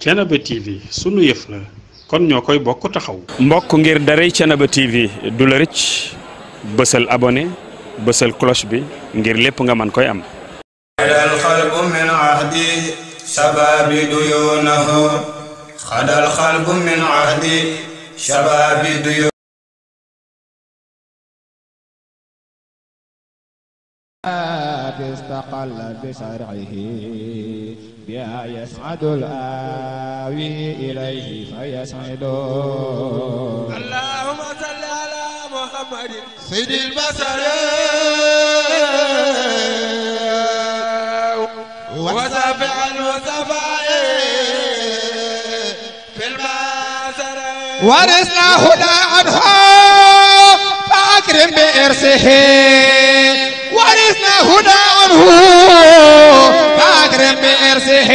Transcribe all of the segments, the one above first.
Thiénaba TV sunu yëf la kon ñoo koy bokk taxaw. mbokk ngir daray Thiénaba TV du la rëcc bësal abonné bësal cloche bi ngir lépp nga man koy am. xadal xalbu min ahdi shababi duyunahu xadal xalbu min ahdi shababi duyunahu. Uh... تقل بشرعه بها يسعد الآوي إليه فيسعد اللهم صل على محمد سيد البشر وسافع المصطفى في البشر ورثنا هدى عنه فأكرم بإرثه ورثنا هدى عنه فاكرم بإرثه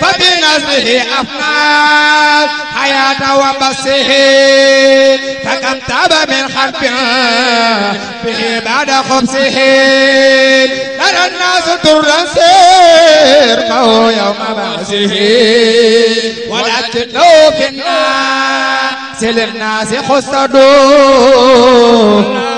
فبنزله أفنى حياة وبسه فكم تاب من حرب به بعد خبزه لنا الناس درا سيرقه يوم بعثه ولكن لو في النار سلم ناس خسدوا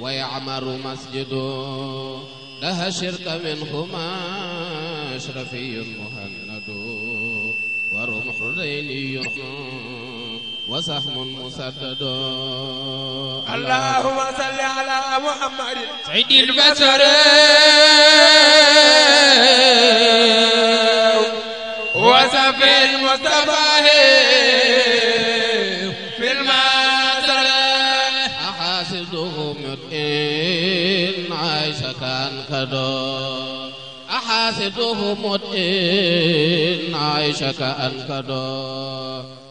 ويعمر مسجده لها شرك منهما أشرفي مهند ورمح ليلي وسهم مسدد اللهم صل على محمد سعيد البشر وسفي المصطفى مت إن عيشك أنكدا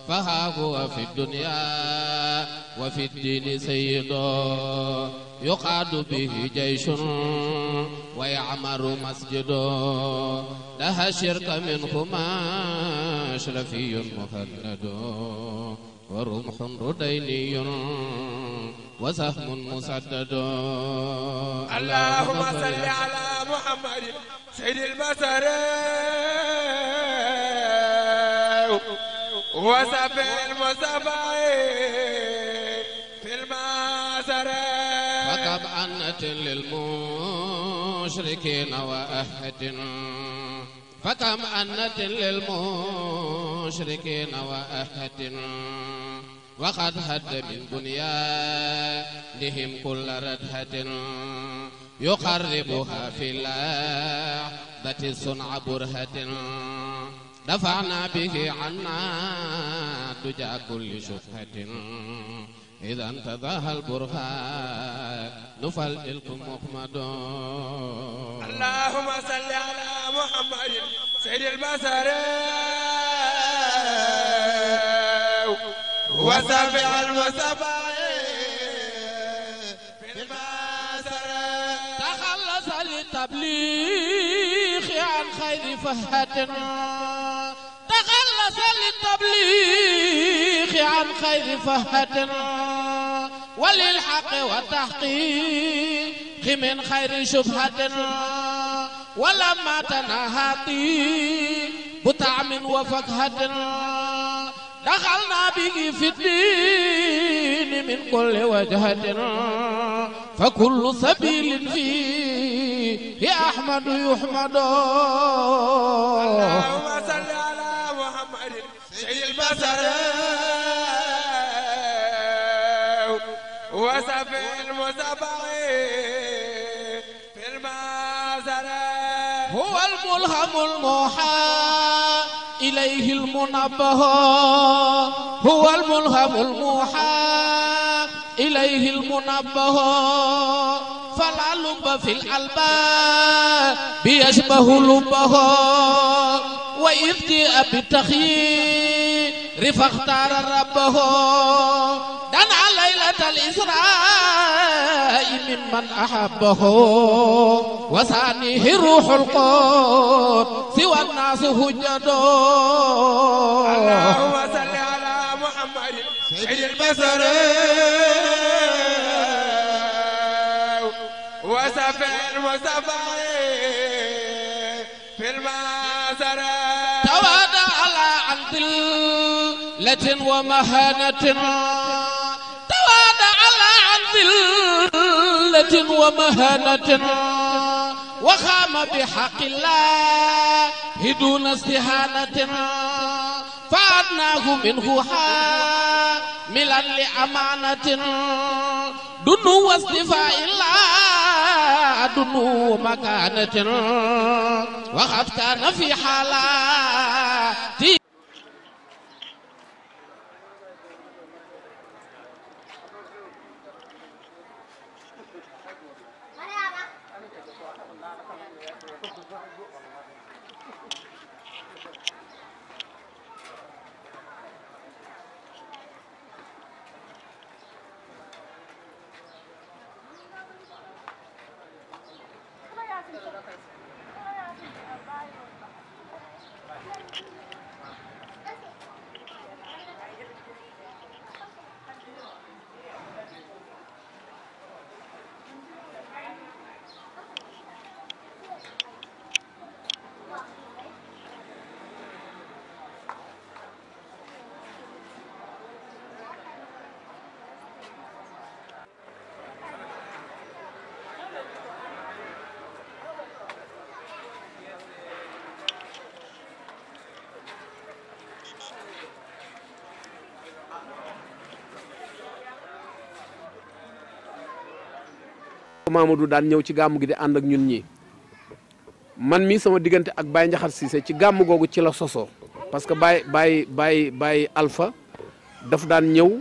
فها هو في الدنيا وفي الدين سيدا يقعد به جيش ويعمر مسجدا لها شرك منهما أشرفي مهند ورمح رديني وسهم مسدد اللهم صل على محمد سيد البشر وسف المصطفى في المعسر فقب أنة للمشركين وأهد فكم أنة للمشركين وأهد وقد هد من بنيانهم كل ردهة يقربها في اللعبة صنع برهة دفعنا به عنا دجى كل شبهة إذا انتظاها البرهان فالإلكم محمد اللهم صل على محمد سيد البشر وسبع المسبع في الباسر تخلص للتبليغ عن خير فهد تخلص للتبليغ عن خير فهد وللحق والتحقيق من خير شبهة ولما تنهاقي بطعم وفكهة دخلنا به في الدين من كل وجهة فكل سبيل فيه يا أحمد يحمد اللهم صل على محمد سيد البشر وسفي المسبع في المعزرة هو الملهم المحال إليه المنبه هو الملهم الموحى إليه المنبه فلا لب في الألباب بيشبه لبه وإذ جاء بالتخيير rifa axtaara rabbahu dana laylatal israa'i mimman ahabbahu wa saanihi ruuxul quud siwa naasu hujjado allahumma salli ala muhammadin sayyidil basar wa safil mustafa ومهانة توادع عن ذلة ومهانة وخام بحق الله دون استهانة فأدناه منه حاملا لأمانة دنو واصطفاء الله دنو مكانة وقد كان في حالاته Mamadou daan ñëw ci gàmm gi di ànd ak ñun ñii man mii sama diggante ak Baye Ndiakhate Cissé ci gàmm googu ci la sosoo parce que baay Baye Baye Baye Alpha daf daan ñëw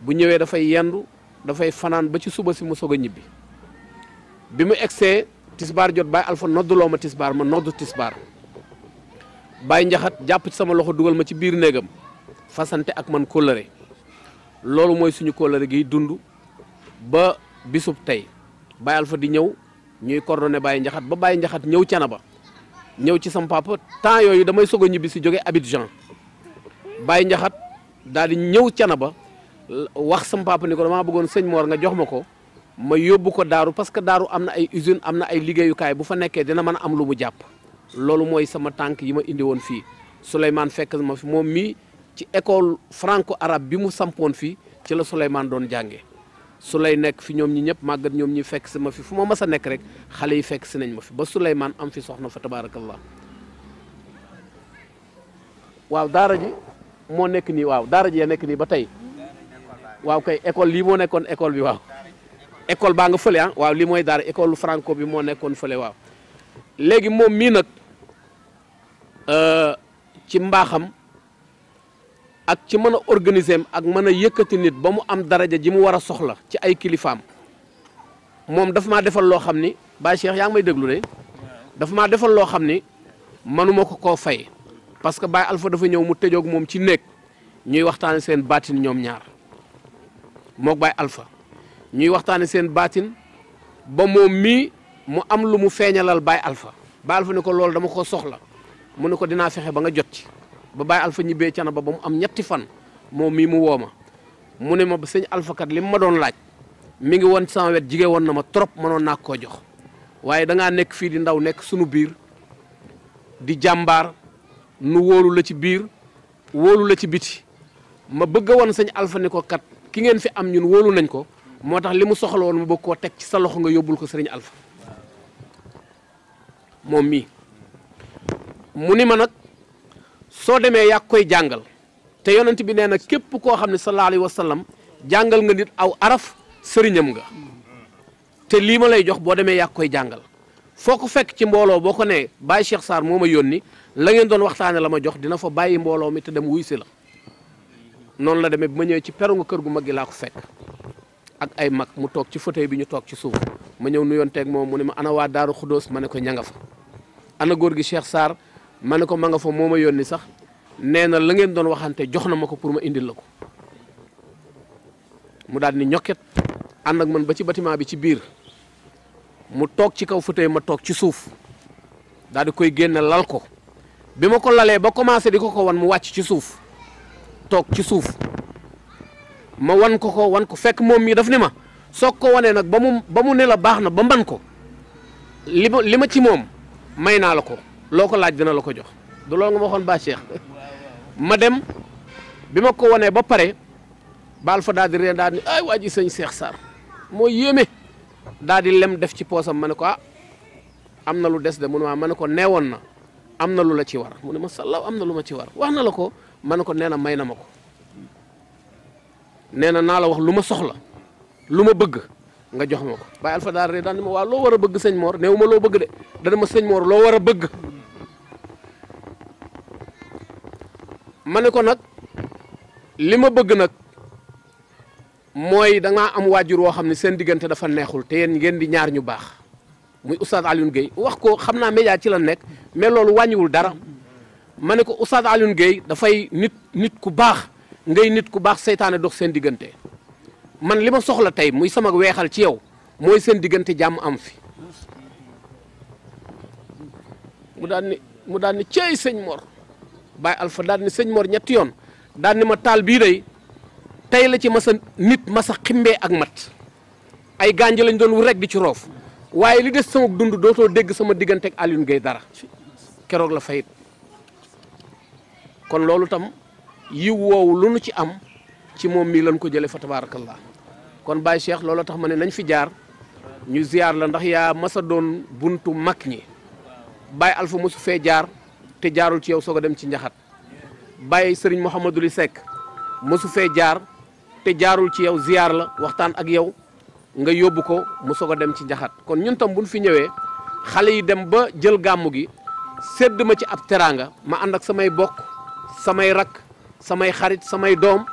bu ñëwee dafay yendu dafay fanaan ba ci suba si mu soog a ñibbi bi mu egsee tisbaar jot Baye Alpha nodduloo ma tisbaar ma noddu tisbaar Baye Ndiakhate jàpp ci sama loxo dugal ma ci biir néegam fasante ak man kóllëre loolu mooy suñu kóllëre gi dund ba bisub tey Baye Alpha di ñëw ñuy coordonné bàyyi Ndiakhate ba bàyyi Ndiakhate ñëw Thiénaba ñëw ci sam temps yooyu damay soog a ñibbi si jóge Abidjan bàyyi Ndiakhate daal di ñëw Thiénaba wax sam papa ni ko damaa bëggoon sëñ Mor nga jox ma ko ma yóbbu ko daaru parce que daaru am na ay usine am na ay liggéeyukaay bu fa nekkee dina mën a am lu mu jàpp loolu mooy sama tànk yi ma indi woon fii Souleymane fekk ma fi moom mii ci école franco arab bi mu sampoon fii ci la Souleymane doon jàngee su lay nekk fi ñoom ñi ñëpp màggat ñoom ñi fekk si ma fi fu ma mës a nekk rek xale yi fekk si nañ ma fi ba Souleymane am fi soxna fa tabaarakallah waaw daara ji moo nekk nii waaw daara ji ya nekk nii ba tey waaw kay école lii moo nekkoon école bi waaw école baa nga fële ah waaw lii mooy daara école franco bi moo nekkoon fële waaw léegi moom mii nag euh, ci mbaaxam ak ci mën a organiser ak mën a yëkkati nit ba mu am daraja ji mu war a soxla ci ay kilifaam moom dafa maa defal loo xam ni Baye Cheikh yaa ngi may déglu de dafa maa defal loo xam ni mënuma ko koo fay parce que Baye Alpha dafa ñëw mu tëjoog moom ci néeg ñuy waxtaane seen baatin ñoom ñaar moog Baye alfa ñuy waxtaane seen baatin ba moom mii mu am lu mu feeñalal baay alfa Baye Alpha ne ko loolu dama ko soxla mu ne ko dinaa fexe ba nga jot ci ba bàyyi alfa ñibbee cana ba ba mu am ñetti fan moom mii mu woo ma mu ne ma ba sëñ alfa kat li mu ma doon laaj mi ngi won sama wet jigee woon na ma trop mënoon naa koo jox waaye da nekk fii di ndaw nekk sunu biir di jàmbaar nu wóolu la ci biir wóolu la ci biti ma bëgg woon sëñ alfa ni ko kat ki ngeen fi am ñun wóolu nañ ko moo tax li mu soxla woon mu bëgg koo teg ci sa loxo nga yóbbul ko sëriñ alfa moom mii mu ni ma nag soo demee yàgg koy jàngal te yonent bi nee na képp koo xam ne sallallahu alayhi wa sallam jàngal nga nit aw araf sëriñam nga te lii ma lay jox boo demee yàq koy jàngal foo ko fekk ci mbooloo boo ko nee Baye Cheikh Sarr moo ma yónni la ngeen doon waxtaane la ma jox dina fa bàyyi mbooloo mi te dem wuy la noonu la demee bi ma ñëwee ci peru nga kër gu mag gi laa ko fekk ak ay mag mu toog ci fauteuil bi ñu toog ci suuf ma ñëw nuyoon teeg moom mu ne ma ana waa Daaru Xudóos ma ne ko ña nga fa ana góor gi Cheikh Sarr ma ne ko ma nga fa moo ma yónni sax nee na la ngeen doon waxante jox na ma ko pour ma indil la ko mu daal ni ñokket ànd ak man ba ci bâtiment bi ci biir mu toog ci kaw fauteuil ma toog ci suuf daal di koy génne lal ko bi ma ko lalee ba commencé di ko ko wan mu wàcc ci suuf toog ci suuf ma wan ko ko wan ko fekk moom mii daf ne ma soog ko wanee nag ba mu ba mu ne la baax na ba mban ko li li ma ci moom may naa la ko loo ko laaj dina la ko jox du loolu nga ma waxoon ba Cheikh ma dem bi ma ko wanee ba pare baal fa daal di ree daal di ay waa ji sëñ Cheikh Sarr moo yéeme daal di lem def ci poosam ma ne ko ah am na lu des de mu ne ma ne ko neewoon na am na lu la ci war mu ne ma sallaw am na lu ma ci war wax na la ko ma ne ko nee na may na ma ko nee na naa la wax lu ma soxla lu ma bëgg nga jox ma ko Baye Alpha daal rek ma waa loo war a bëgg sëñ Mor néew ma loo bëgg de dana ma sëñ Mor loo war a bëgg ma ne ko nag li ma bëgg nag mooy dangaa am waajur woo xam ne seen diggante dafa neexul te yéen ngeen di ñaar ñu baax muy Oustaz Alioune Guèye wax ko xam naa média ci la nekk mais loolu wàññiwul dara ma ne ko Oustaz Alioune Guèye dafay nit nit ku baax ngay nit ku baax seytaane dox seen diggante man li ma soxla tey muy sama weexal ci yow mooy seen diggante jàmm am fi mu daan ni mu daan ni ceey sëñ Mor Baye Alpha daan ni sëñ Mor ñetti yoon daan ni ma taal bii day tey la ci masa nit masa ximbee ak mat ay gànj lañ doon wut rekk di ci roof waaye li des sama dund dootoo dégg sama diggante ak Alioune Gueye dara keroog la fayit kon loolu tam yiw woowu lu nu ci am ci moom mii lañ ko jëlee fa la kon Baye Cheikh looloo tax ma ne nañ fi jaar ñu ziar la ndax yaa masa doon buntu mag ñi bàyyi alfa mosu fee jaar te jaarul ci yow soog dem ci njaxat Baye Serigne Mouhamadou Li mosu fee jaar te jaarul ci yow ziar la waxtaan ak yow nga yóbbu ko mu soog a dem ci njaxat kon ñun tam buñ fi ñëwee xale yi dem ba jël gàmmu gi sedd ma ci ab teraanga ma ànd ak samay bokk samay rakk samay xarit samay doom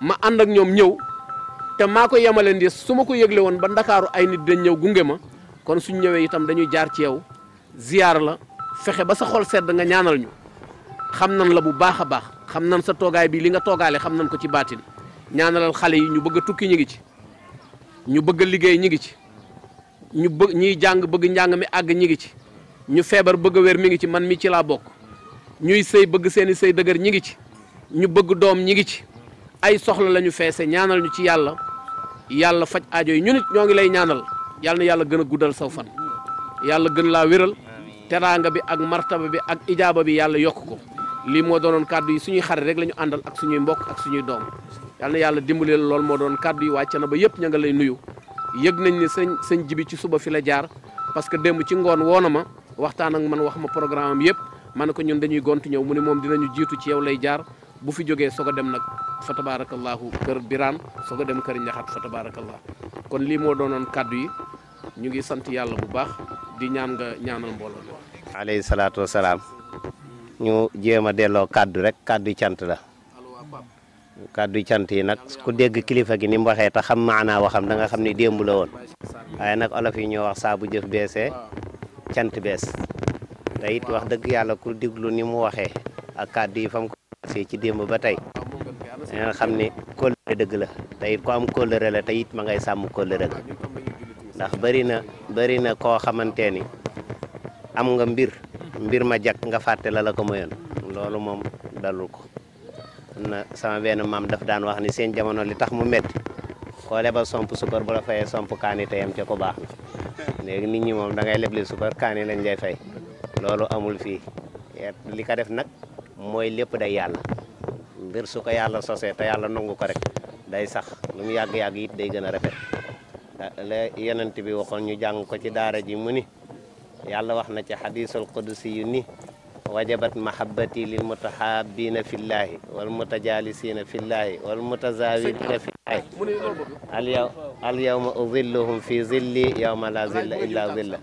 ma ànd ak ñoom ñëw te maa ko yemaleen ndi su ma ko yëgle woon ba ndakaaru ay nit dañ ñëw gunge ma kon suñ ñëwee itam dañuy jaar ci yow ziyaar la fexe ba sa xol sedd nga ñaanal ñu xam nan la bu baax a baax xam nan sa toogaay bii li nga toogaale xam nan ko ci baatin ñaanalal xale yi ñu bëgg a tukki ñu ngi ci ñu bëgg liggéey ñu ngi ci ñu bëgg ñuy jàng bëgg njàng mi àgg ñi ngi ci ñu feebar bëgg wér mi ngi ci man mi ci laa bokk ñuy sëy bëgg seeni sëy dëgër ñi ngi ci ñu bëgg doom ñi ngi ci ay soxla la ñu feese ñaanal ñu ci yàlla yàlla faj ajo yi ñu nit ñoo ngi lay ñaanal yàlla na yàlla gën a guddal saw yàlla gën laa wéral teraanga bi ak martaba bi ak ijaaba bi yàlla yokk ko lii moo doonoon kàddu yi suñuy xarit rek la ñu àndal ak suñuy mbokk ak suñuy doom yàlla na yàlla dimbali lool moo doon kàddu yi wàcce na ba yëpp ña nga lay nuyu yëg nañ ne sëñ sëñ jibi ci suba fi la jaar parce que démb ci ngoon woo na ma waxtaan ak man wax ma programme yëpp ma ne ko ñun dañuy gont mu ne moom dinañu jiitu ci yow lay jaar bu fi jógee soog a dem nag fa tabaarakallaahu kër Birane soog a dem kër Ndiakhate fa tabaarakallaahu kon lii moo doonoon kàddu yi ñu ngi sant yàlla bu baax di ñaan nga ñaanal mbooloo mi. salaam ñu jéem a delloo kàddu rek kàddu cant la kàddu cant yi nag ku dégg kilifa gi ni mu waxee te xam maanaa waxam da nga xam ne démb la woon waaye nag olof yi ñoo wax saabu bu jëf beesee cant bees te wax dëgg yàlla ku déglu ni mu waxee ak kàddu yi fam see ci démb ba tey nga xam ne ko dëgg la te it ku am kóllëre la te it ma ngay sàmm ko la ndax bëri na bëri na koo xamante ni am nga mbir mbir ma jak nga fàtte la la ko mayoon loolu moom dalul ko na sama benn maam daf daan wax ni seen jamono li tax mu metti koo lebal somp sukar bu la fayee somp kaani teyam ca ko baax na léegi nit ñi moom da ngay leble kaani lañ lay fay loolu amul fii li ko def nag mooy lépp day yàlla mbir su ko yàlla sosee te yàlla nangu ko rek day sax lu mu yàgg-yàgg it day gën a rafet la yonent bi waxoon ñu jàng ko ci daara ji mu ni yàlla wax na ci xadiisul qudusi yu ni wajabat mahabbati lil mutahaabina fillaahi wal mutajaalisiina fillaahi wal mutazaawirina fillaahi al yow al yawma uzilluhum fi zilli yawma la zilla illa zilla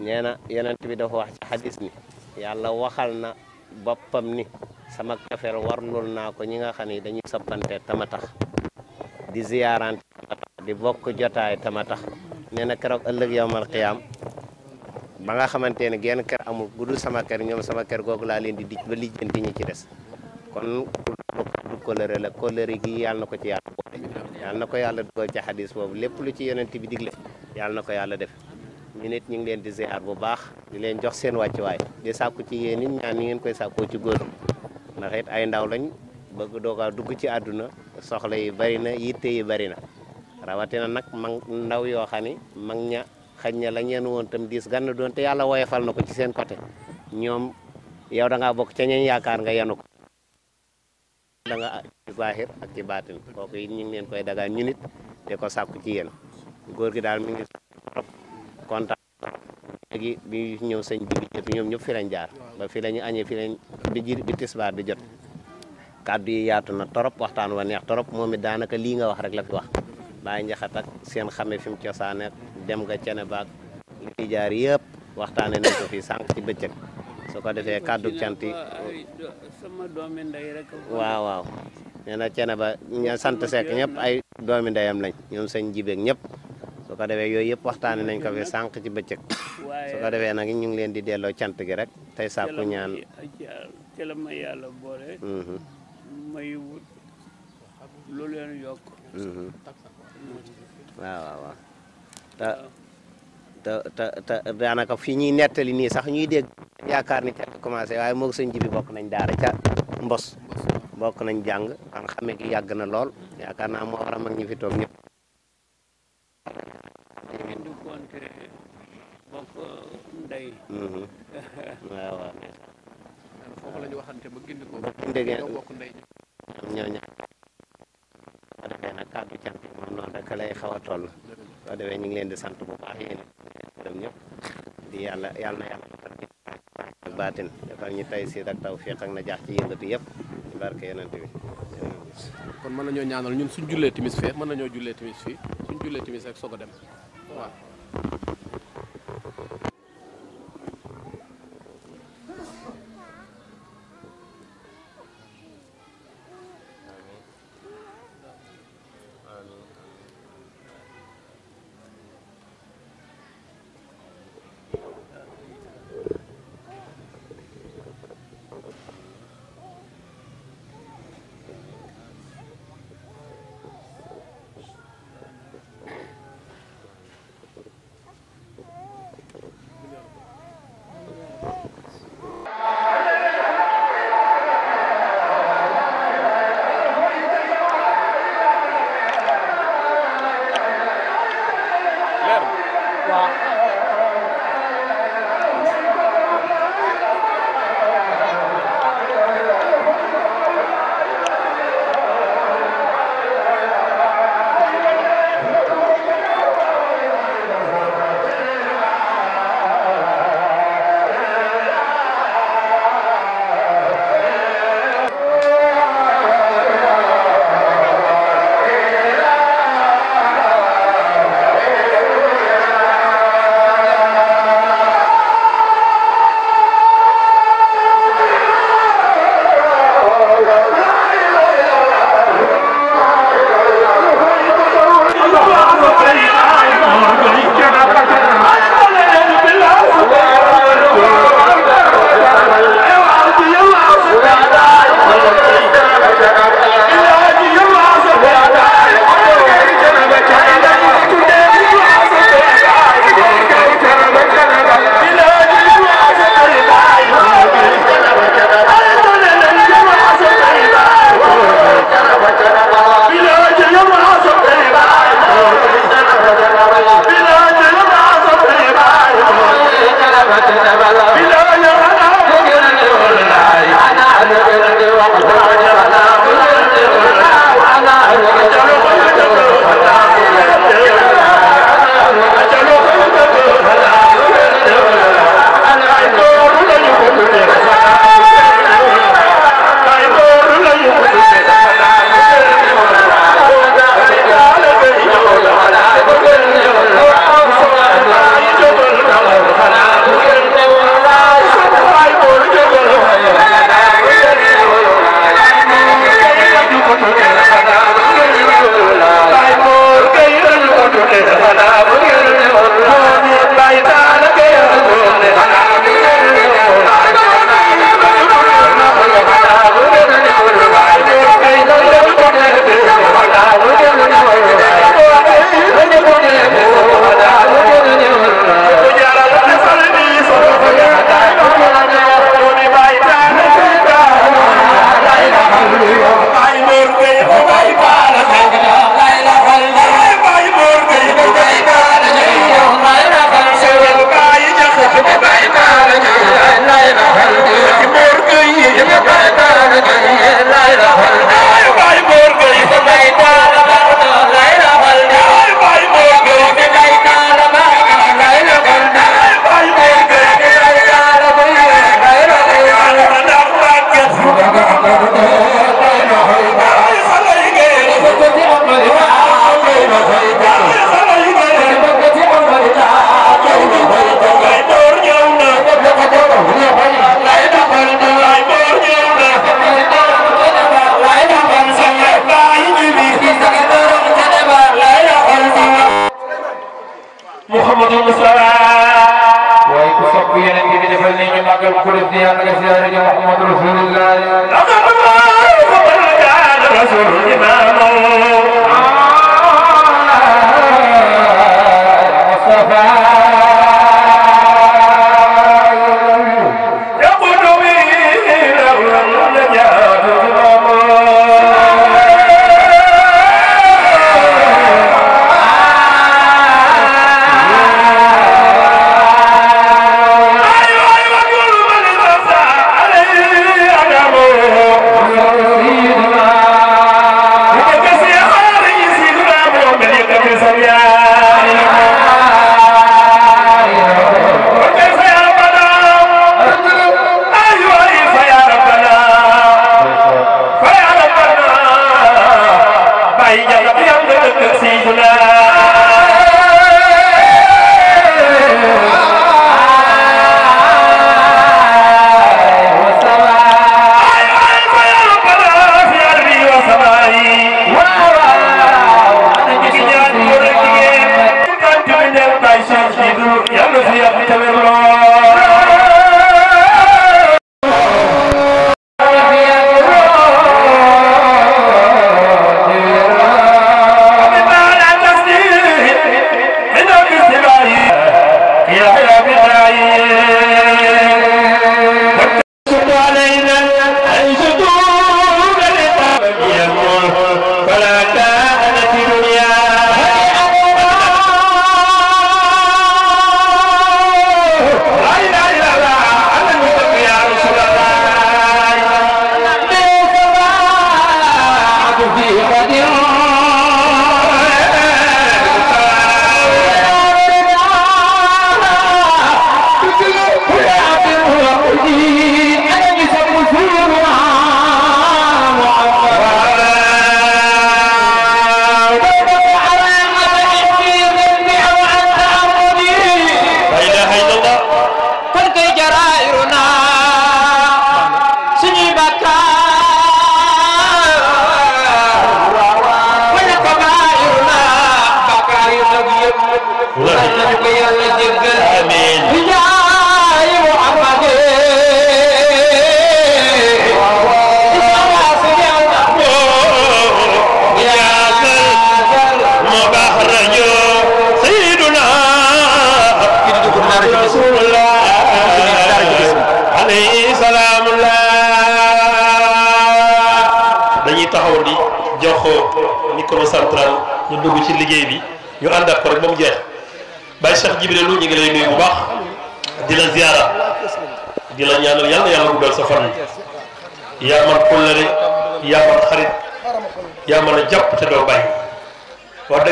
nee na yonent bi dafa wax ci xadis ni yàlla waxal na boppam ni sama cofeel warlul naa ko ñi nga xam ne dañuy soppante tama tax di ziyaarante di bokk jotaay tama tax nee na keroog ëllëg yowmal xiyaam ba nga xamante ne genn kër amul bu dul sama ker ñoom sama kër googu laa leen di di ba lijjanti ñi ci des kon du kolëre la kolëre gi yàlla na ko ci yàlla boole yàlla na ko yàlla dugal ci xadis boobu lépp lu ci yeneen bi digle yàlla na ko yàlla def ñu nit ñu ngi leen di ziar bu baax di leen jox seen wàccuwaay di sàkku ci yéen it ñaan ni ngeen koy sàkkoo ci góor ndax it ay ndaw lañ bëgg doogaa dugg ci àdduna soxla yi bari na yitte yi bari na rawatina nag mag ndaw yoo xam ni mag ña xañ ña la ñeen woon tam diis gann doon te yàlla woyefal na ko ci seen côté ñoom yow danga bokk ca ñeen yaakaar nga yenu ko da nga ci ak ci baatin kooku it ñu ngi leen koy dagaan ñu nit te ko sàkku ci yéen góor gi daal mi ngi kontaan léegi bi ñëw sëñ bi jëf ñoom ñëpp fi lañ jaar ba fi añee fi lañ bi ji bi tisbaar di jot kàddu yi yaatu na torop waxtaan wa neex torop moom it daanaka lii nga wax rek la fi wax bàyyi njaxat ak seen xame fi mu cosaane dem nga cene baag jaar yépp waxtaan nañ sànq ci bëccëg su ko defee kàddu cant yi waaw waaw nee na cene ba sant seek ñëpp ay doomi ndeyam lañ ñoom sëñ jibeeg ñëpp su ko defee yooyu yëpp waxtaane nañ ko fi sànq ci bëccëg su ko defee nag ñu ngi leen di delloo cant gi rek tey sàkku ñaan te la ma yàlla boole mhm. yokk mhm. waaw waaw waaw te te te te daanaka fi ñuy nettali nii sax ñuy dégg yaakaar ni ca commencé waaye moog sëñ ji bi bokk nañ daara ca mbos bokk nañ jàng an xamee gi yàgg na lool yaakaar naa moo war a mag fi toog ñëpp dañu di konte bokk ndey mm-hmm. waaw waaw foofu la ñu waxante ba gindi ko ba gindi ngeen bokk ndey ñoom ñoo ñaar ba defee nag kàddu cant moom noonu rek lay xaw a toll soo defee ñu ngi leen di sant bu baax yéen gërëm ñëpp di yàlla yàlla na yàlla defal ñu ak baatin defal ñu tay siir ak taw féex ak na jaax ci yëngatu yëpp ci barke yonent bi kon mën nañoo ñaanal ñun suñ jullee timis fee mën nañoo jullee timis fii suñ jullee timis rek soog a dem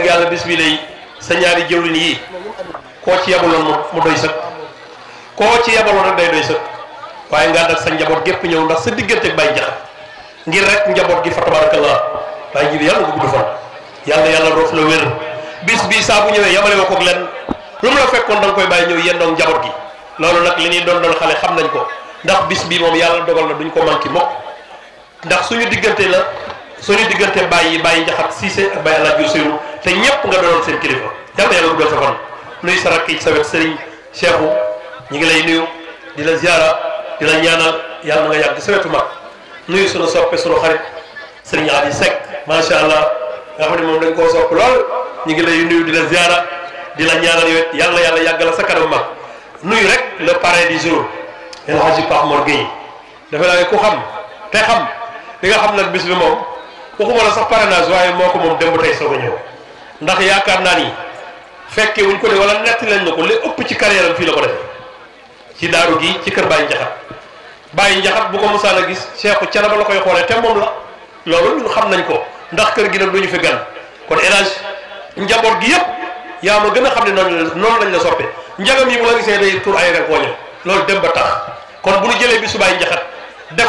dëgg yàlla bis bi lay sa ñaari jëwlin yii koo ci yabaloon mu doy sëkk koo ci yabaloon rek day doy sëkk waaye nga sa njaboot gépp ñëw ndax sa diggante ak Baye Jaxate ngir rek njaboot gi fa tabarakallah Baye ji bi yàlla ko gudd fan yàlla yàlla roof la wér bis bi saa bu ñëwee yamale wa koog lenn lu mu la fekkoon da koy bàyyi ñëw yendoog njaboot gi loolu nag li ñuy doon doon xale xam nañ ko ndax bis bi moom yàlla dogal na duñ ko manqué mokk ndax suñu diggante bàyyi bàyyi jaxat siise ak bàyyi alaaj yu siru te ñëpp nga doonoon seen kilifa yàlla yàlla dugal sa fan nuyu sa rakk yi sa wet sëriñ Cheikhou ñu ngi lay nuyu di la ziara di la ñaanal yàlla na nga yàgg sa soppe suñu xarit sëriñ Aliou Seck macha allah nga xam moom dañ koo sopp ñu ngi lay nuyu di la ziara di la ñaanal yàlla yàlla yàggal sa kanam mag nuyu rek le parrain du jour El Hadji Pape Mor Gueye dafa naa ku xam te xam li nga xam nag bis bi moom. waxuma la sax parrainage waaye moo ko moom démb tey soog a ñëw ndax yaakaar naa ni fekke wuñ ko de wala netti lañ na ko li ëpp ci carrière am fii la ko defee ci daaru gi ci kër Baye Ndiakhate Baye Ndiakhate bu ko mosaan a gis cere ba la koy xoolee te moom la loolu ñun xam nañ ko ndax kër gi nag duñu fi gan kon élage njaboot gi yëpp yaa ma gën a xam ne noonu noonu lañ la soppe njagam yi bu la gisee day tur ay rek wooñu loolu dem ba tax kon bu jëlee bi su Baye Ndiakhate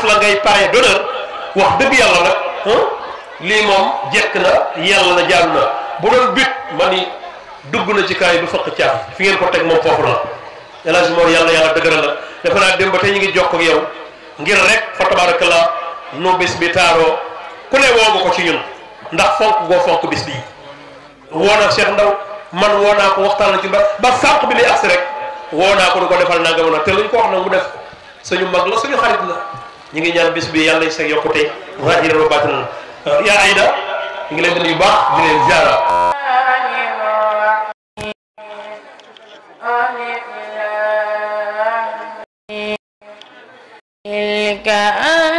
la ngay paaye lii moom jekk na yàlla na jaadu na bu doon bit ma ni dugg na ci kaay bi fëq caaf fi ngeen ko teg moom foofu la El Hadj Mor yàlla yàlla dëgëral la defe naa dem ba ñu ngi jox ko yow ngir rek fa tabarakallah nu bis bi taaroo ku ne woo ko ci ñun ndax fonk goo fonk bis bii woo na Cheikh Ndaw man woo naa ko waxtaan na ci ba ba sànq bi muy agsi rek woo naa ko du ko defal nangam na te luñ ko wax nag mu def suñu mag la suñu xarit la ñu ngi ñaan bis bi yàlla nañ sa yokkute waajiran wa baatinan yaa Aïda ngi leen di nuyu baax di leen ziara تلك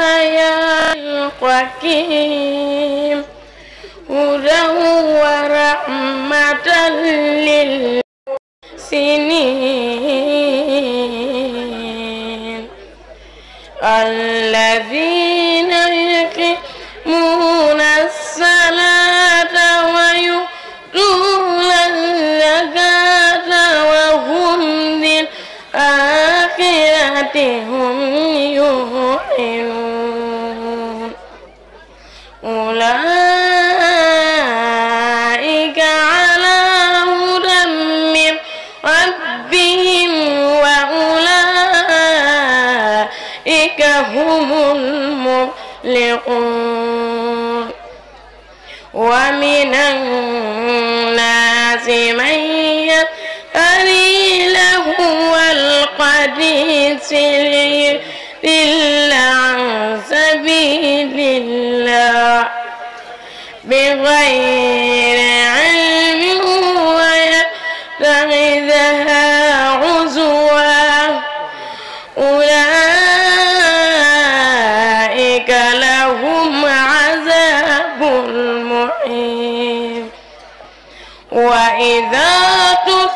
آيات الحكيم هدى ورحمة للسنين الذين يقيمون هم يؤمنون أولئك على هدى من ربهم وأولئك هم المفلحون ومن الناس من سبيل الله عن سبيل الله بغير علم ويتخذها عزوا أولئك لهم عذاب محيط وإذا تتلى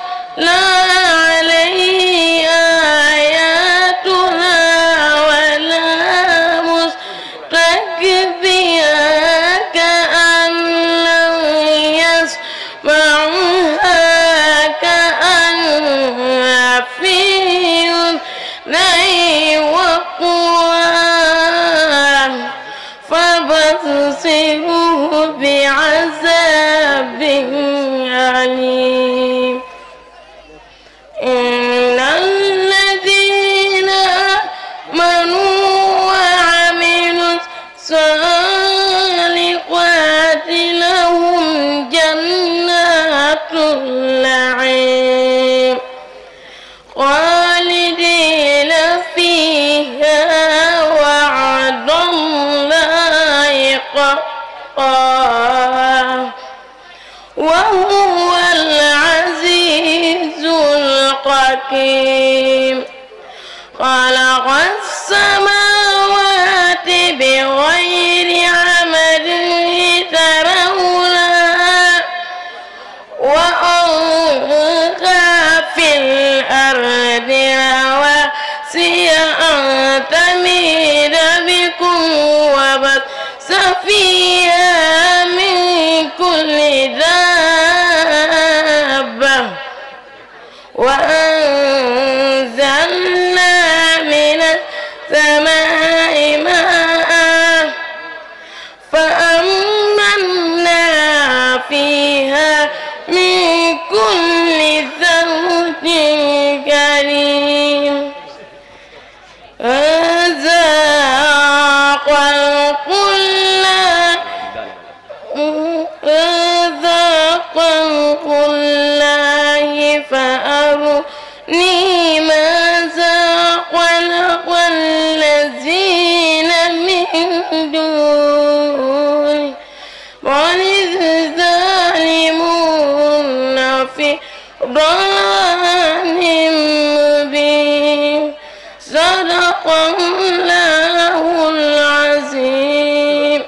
صدق الله العظيم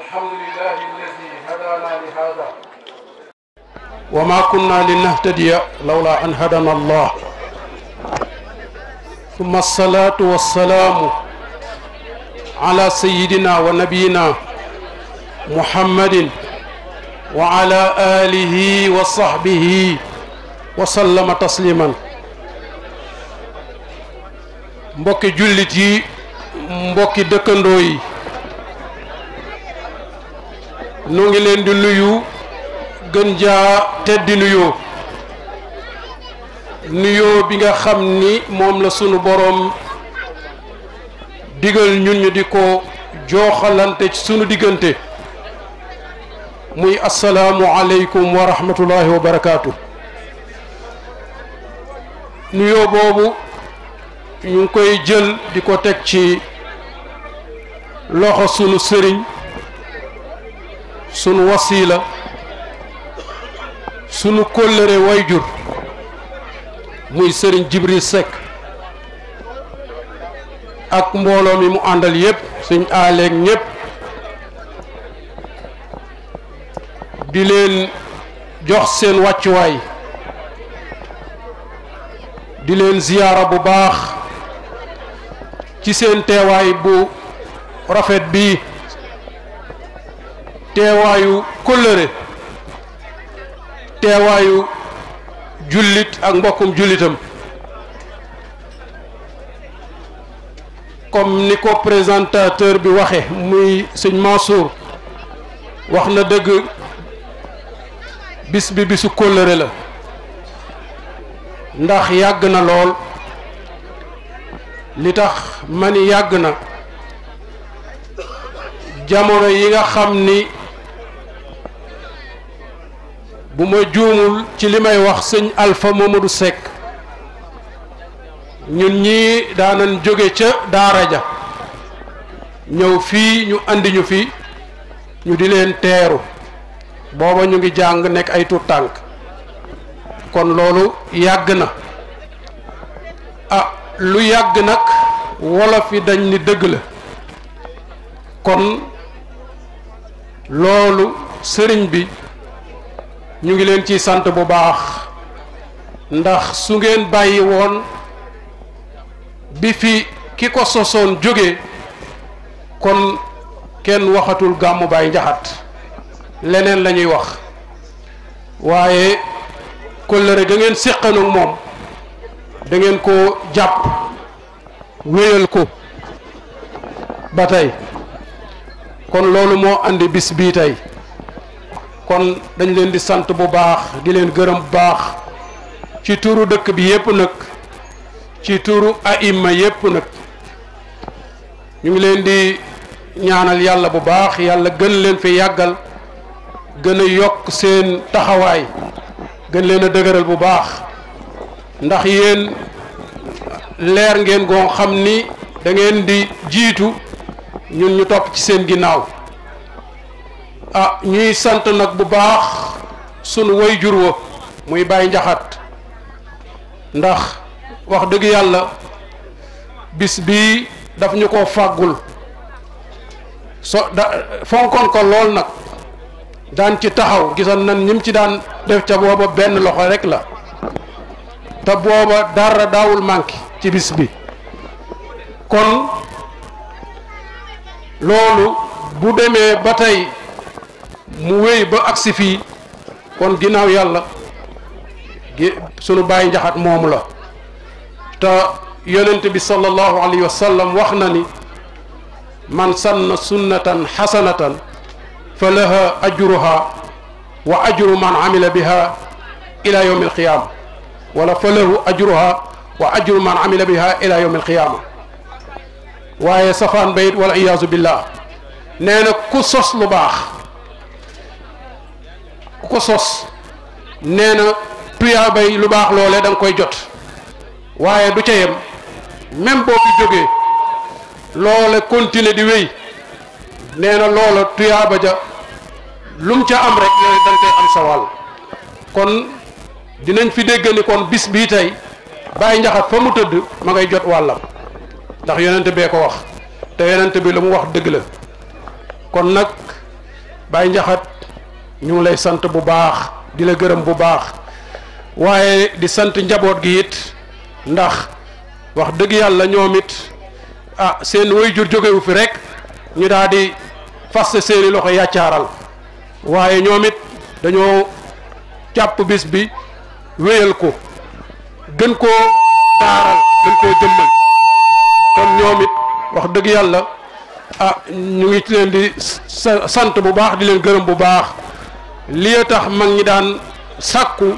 الحمد لله الذي هدانا لهذا وما كنا لنهتدي لولا أن هدانا الله ثم الصلاة والسلام على سيدنا ونبينا محمد وعلى آله وصحبه وسلم تسليما mbokki jullit yi mbokki dëkkandoo yi nu ngi leen di nuyu gën jaa teddi nuyoo nuyoo bi nga xam ni moom la sunu boroom digal ñun ñu di ko joxalante ci sunu diggante muy asalaamu aleykum wa rahmatullahi wa barakaatu nuyoo boobu ñu ngi koy jël di ko teg ci loxo sunu sëriñ sunu wasiila sunu kóllëre wayjur muy sëriñ jibri Seck ak mbooloo mi mu àndal yépp suñ aaleeg ñépp di leen jox seen wàccuwaay di leen ziyaara bu baax ci seen teewaay bu rafet bi teewaayu kóllëre teewaayu jullit ak mbokkum jullitam comme ni ko présentateur bi waxe muy sëñ Mansour wax na dëgg bis bi bisu kóllëre la ndax yàgg na lool li tax ma ni yàgg na jamono yi nga xam ni bu ma juumul ci li may wax sëñ Alpha Mamadou Seck ñun ñii daanan jóge ca daara ja ñëw fii ñu andi ñu fii ñu di leen teeru booba ñu ngi jàng nekk ay tuut tànk kon loolu yàgg na ah lu yàgg nag wolof yi dañ ni dëgg la kon loolu sëriñ bi ñu ngi leen ciy sant bu baax ndax su ngeen bàyyi woon bi fi ki ko sosoon jóge kon kenn waxatul gàmmu Baay Njaxat leneen la ñuy wax waaye kóllëre ga ngeen séqanoog moom dangeen ko jàpp wéyal ko ba tey kon loolu moo indi bis bii tey kon dañ leen di sant bu baax di leen gërëm bu baax ci turu dëkk bi yépp nag ci turu aima yépp nag ñu ngi leen di ñaanal yàlla bu baax yàlla gën leen fi yàggal gën a yokk seen taxawaay gën leen a dëgëral bu baax ndax yéen leer ngeen goo xam ni dangeen di jiitu ñun ñu topp ci seen ginnaaw a ah, ñuy sant nag bu baax sunu way jur wa muy bàyyi njaxat ndax wax dëgg yàlla bis bii daf ñu ko fàggul so da fonkoon ko lool nag daan ci taxaw gisoon nan ñim ci daan def ca booba benn loxo rekk la te booba dara daawul manqué ci bis bi kon loolu bu demee ba tey mu wéy ba agsi fii kon ginnaaw yàlla sunu bàyyi njaxat moomu la te yonent bi sallallahu alayhi wa sallam wax na ni man sanna sunnatan xasanatan fa laha ajruha wa ajru man amila biha ila yawmi alqiyaama wala falahu ajruha wa ajru man amila biha ila yawm alqiyama waaye safaan bayit wala iyaazu billah nee na ku sos lu baax ku ko sos nee na tuyaa bay lu baax loolee danga koy jot waaye du ca yem même boo fi jógee loola continuer di wéy nee na loola tuyaaba ja lum ca am rek yooyu da nga koy am sa kon dinañ fi dégg ni bis bii tey bàyyi njaxat fa mu tëdd ma ngay jot wàllam ndax yonent bee ko wax te yonent bi lu mu wax dëgg la kon nag bàyyi njaxat ñu ngi lay sant bu baax di la gërëm bu baax waaye di sant njaboot gi it ndax wax dëgg yàlla ñoom it ah seen waajur jógewu fi rek ñu daal di fas seeni loxo yàccaaral waaye ñoom it dañoo jàpp bis bi wéyal ko gën koo taaral gën koo jëmmal kon ñoom it wax dëgg yàlla ah ñu ngi ci leen di sant bu baax di leen gërëm bu baax li tax mag ñi daan sàkku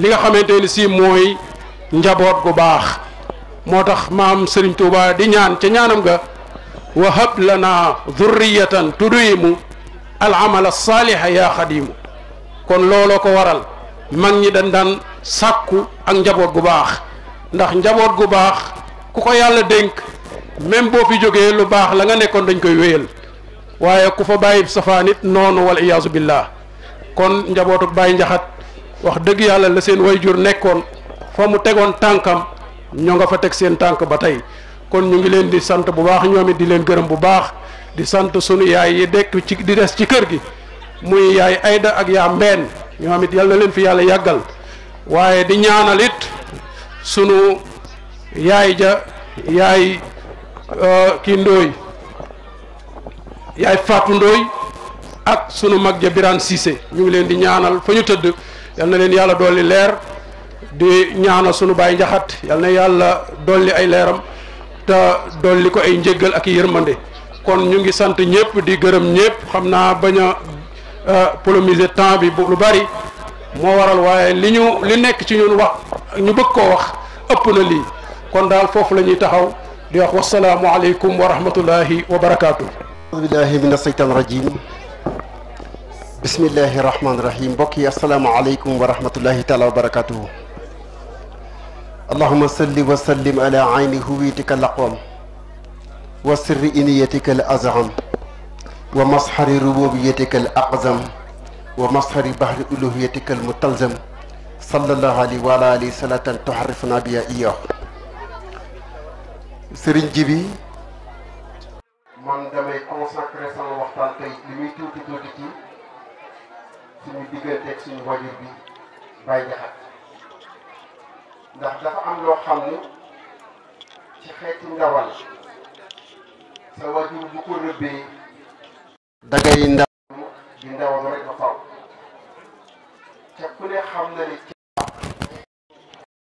li nga xamante ni si mooy njaboot bu baax moo tax maam Serigne Touba di ñaan ca ñaanam ga wahab lana dhurriyatan tudiimu al amala saaliha yaa xadiimu kon looloo ko waral mag ñi dañ daan sàkku ak njaboot gu baax ndax njaboot gu baax ku ko yàlla dénk même boo fi jógee lu baax la nga nekkoon dañ koy wéyal waaye ku fa bàyyi safaan it noonu wala iyaasu billah kon njabootu bàyyi njaxat wax dëgg yàlla la seen way nekkoon fa mu tegoon tànkam ñoo nga fa teg seen tànk ba tey kon ñu ngi leen di sant bu baax ñoom it di leen gërëm bu baax di sant sunu yaay yi dekk ci di des ci kër gi muy yaay Ayda ak yaa Mbeen ñoo xam it yal na leen fi yàlla yàggal waaye di ñaanal it sunu yaay ja yaay euh, kii ndooy yaay Fatou Ndooy ak sunu mag ja Birane Cissé ñu ngi leen di ñaanal fa ñu tëdd yal na leen yàlla dolli leer di ñaanal sunu baay njaxat yal na yàlla dolli ay leeram te dolli ko ay njëggal ak yërmande kon ñu ngi sant ñëpp di gërëm ñëpp xam naa bañ Euh, polomiser temps bi lu bari moo waral waaye li ñu li nekk ci ñun wax ñu bëgg koo wax ëpp na lii kon daal foofu la ñuy taxaw di wax wasalaamu aleykum wa rahmatullahi wa barakaatu. auzu billahi min aseytaan rajim bismillahi rahmaani rahim mbokk yi asalaamu aleykum wa rahmatullahi taala wa barakaatuhu allahuma salli wa sallim ala ayni huwiyatika al aqwam wa sirri iniyatika al azam wa masxari rububiyatika al aqzam wa masxari bahri uluhiyatika mutalzam sallallahu alayhi wa ala alihi salatan tuharrifuna biya man damay consacré sama waxtaan tey li tuuti tuuti ci suñu diggante ak suñu wajur bi Baye Diakhate ndax dafa am loo xam ne ci xeeti ndawal sa wajur bu ko rëbbee dangay ndaw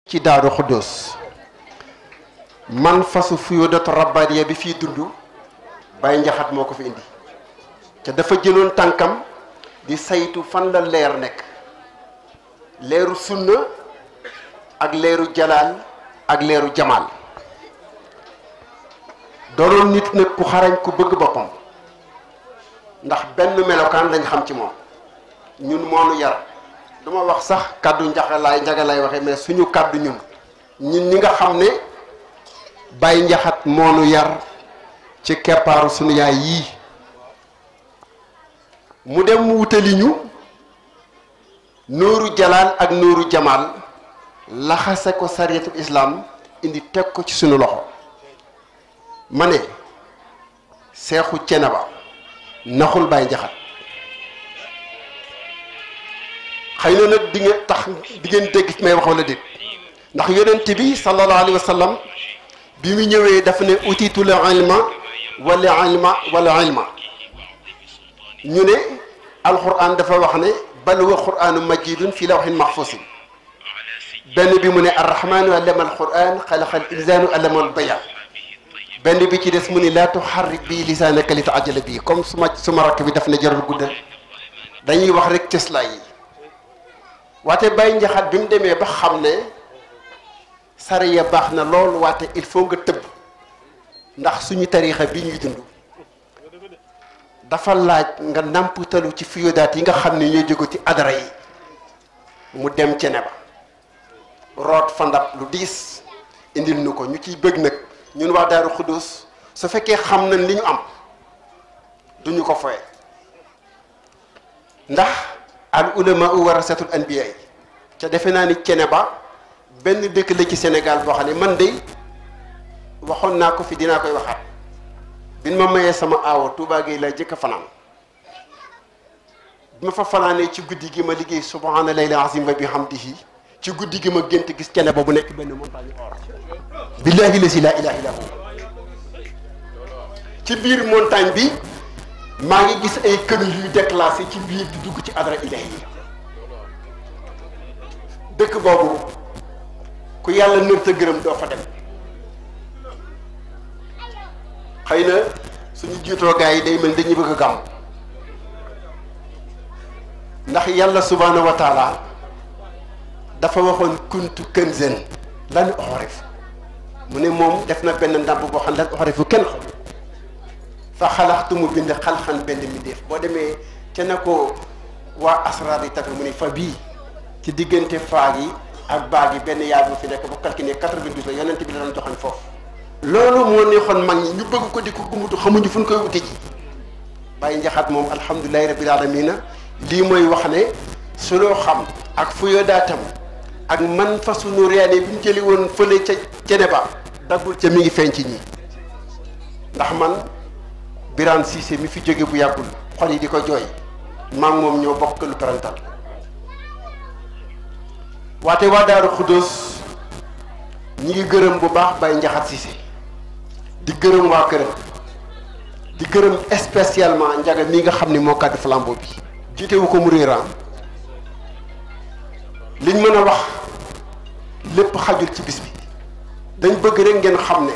ci daaru xuddoos man fasu fuyóodat rabbaaniya bi fii dund bay njaxat moo ko fi indi te dafa jëloon tànkam di saytu fan la leer nekk leeru sunna ak leeru jalaal ak leeru jamaal doonoon nit nag ku xarañ ku bëgg boppam ndax benn melokaan lañ xam ci moom ñun moonu yar du ma wax sax kàddu njaxalaay njaxalaay waxee mais suñu kàddu ñun ñun ñi nga xam ne Baye Njaxate moonu yar ci keppaaru suñu yaay yii mu dem wutali ñu nooru jalaal ak nooru jamaal laxase ko sariyatul islaam indi teg ko ci suñu loxo ma ne seexu ceneba naxul bàyyi njaxat xëy na nag di nga tax di ngeen dégg ci may wax wala déet ndax yonent bi sallallahu alayhi wa bi mu ñëwee dafa ne utitu la ilma wala ilma wala ñu ne alquran dafa wax ne bal wa quranu majidun fi lawhin mahfusin benn bi mu ne arrahmanu allama alquran xalaqa al insanu benn bi ci des mu ni laa tuharrik bii lisaanaka li ta'jala bii comme su ma rakk bi daf ne jarul guddal dañuy wax rek cëslaay yi waate bàyyi njaxaat bi mu demee ba xam ne sare ya baax na lool waate il faut nga tëbb ndax suñu tariixa bi ñuy dund dafa laaj nga nàmputalu ci fiyodaat yi nga xam ne ñoo jóge ci adara yi mu dem cene ba root fa ndab lu diis indil nu ko ñu ciy bëgg nag ñun waa Daaru Xuddus su fekkee xam na li ñu am duñu ko foye ndax al ulama warasatul anbiya yi ca defe naa ni cene ba benn dëkk la ci senegal boo xam ne man de waxoon naa ko fi dinaa koy waxaat bin ma mayee sama awoo Touba Gueye lay jëkk fanaan bi ma fa fanaanee ci guddi gi ma liggéey subhaana layla azim di bihamdihi ci guddi gi ma gént gis kene ba bu nekk benn montagne or billahi si laa ilaha illa hu ci biir montagne bi maa ngi gis ay kër yuy déclassé ci biir di dugg ci adra ilahi yi dëkk boobu ku yàlla nërta gërëm doo fa dem xëy na suñu jiitoo gars yi day mel dañuy bëgg a gàmm ndax yàlla subhanahu dafa waxoon kuntu kanzan lan uxrif mu ne moom def na benn ndàmp boo xam lan uxrifu kenn xam fa xalaxtu mu bind xalxan benn mi def boo demee te na ko waa asraar yi tamit mu ne fa bii ci diggante faag yi ak baa yi benn yaay mu fi nekk ba calculé 92 la yonent bi la doon joxoon foofu. loolu moo neexoon mag ñu bëgg ko di ko gumutu xamuñu fu ñu koy wuti ji bàyyi njaxaat moom alhamdulilahi rabbil alamina lii mooy wax ne su loo xam ak fu yoo ak man fasunu reene bi ñu jëli woon fële ca cene ba daggul ca mi ngi feeñ ci ñi ndax man Birane Cissé mi fi jóge bu yàggul xol yi di ko jooy maa moom ñoo bokk lu parental waate waa Daaru Xuddoos ñi ngi gërëm bu baax Baye Njaxat Cissé di gërëm waa këram di gërëm spécialement njaga mi nga xam ni moo kàddu flambeau bi jiitewu ko mu réeraam liñ mën a wax lépp xajul ci bis bi dañ bëgg rek ngeen xam ne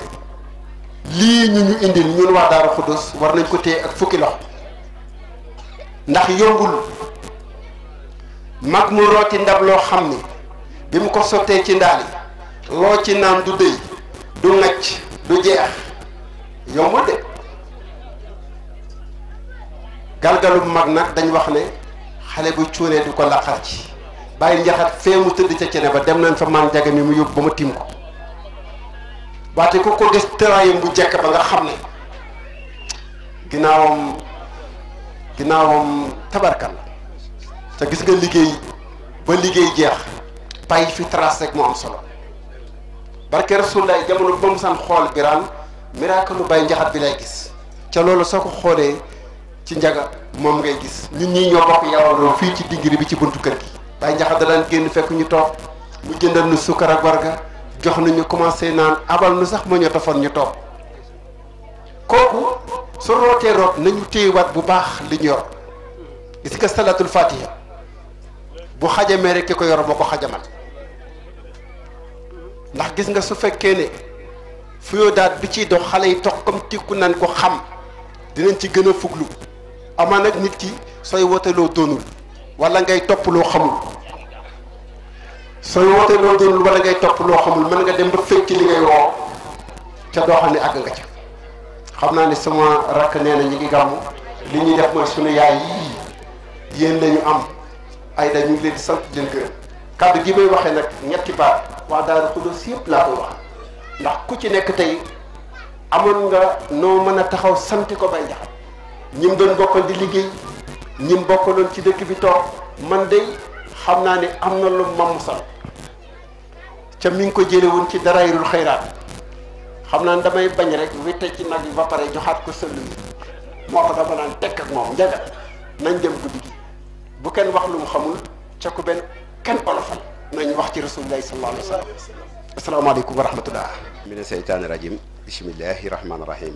lii ñu ñu indi ñun waa Daaru Xuddus war nañ ko téye ak fukki loxo ndax yombul mag mu rooti ndab loo xam ni bi mu ko sottee ci ndaal yi loo ci naan du dëy du ngacc du jeex ma de galgalu mag nag dañ wax ne xale bu cuunee du ko laqar ci bàyyi njaxat fee mu tëdd ca cene ba dem nañ fa maam jaga mi mu yóbbu ba ma tiim ko waate ku ko gis tëraayam bu jekk ba nga xam ne ginnaawam ginnaawam tabarkal te gis nga liggéey ba liggéey jeex bàyyi fi trace rek moo am solo barke Rasulullaay jamono ba mu san xool biraan miraakalu Baye Njaxat bi lay gis ca loolu soo ko xoolee ci njaga moom ngay gis ñun ñii ñoo bokk yawandoo fii ci dingiri bi ci buntu kër gi Baye Jaxate daan génn fekk ñu toog mu jëndal nu sukkar ak warga jox nu ñu commencé naan abal nu sax ma ñu tafoon ñu toog kooku su rootee root nañu téyewaat bu baax li ñu yor gis nga salatul fatiha bu xajamee rek ki ko yor moo ko xajamal ndax gis nga su fekkee ne fuyoo daat bi ciy dox xale yi toog comme tikku nan ko xam dinañ ci gën a fuglu amaa nag nit ki sooy woteloo doonul wala ngay topp loo xamul sooy wootee loo doonul wala ngay topp loo xamul mën nga dem ba fekki li ngay woo ca doo xam ne àgg nga ca xam naa ni sama rakk nee na ñi ngi gàmm li ñuy def mooy sunu yaay yii yéen lañu am ay da ñu ngi leen sant di gërëm kàddu gi may waxe nag ñetti baat waa Daaru Xudoos yëpp laa koy wax ndax ku ci nekk tey amoon nga noo mën a taxaw sant ko bay jaxat ñi doon bokkal di liggéey ñim bokkaloon ci dëkk bi toog man de xam naa ni am na lu ma musal ca mi ngi ko jële woon ci darayrul xayraat xam naa ni damay bañ rek witte ci nag yi ba pare joxaat ko sëllu yi moo ko dama naan tekk ak moom njaga nañ dem guddi gi bu kenn wax lu mu xamul ca ku benn kenn olofal nañ wax ci rasulullahi sallallahu alayhi wa sallam asalaamaaleykum wa rahmatullah mina seytaani rajim bismillahi rahmaani rahim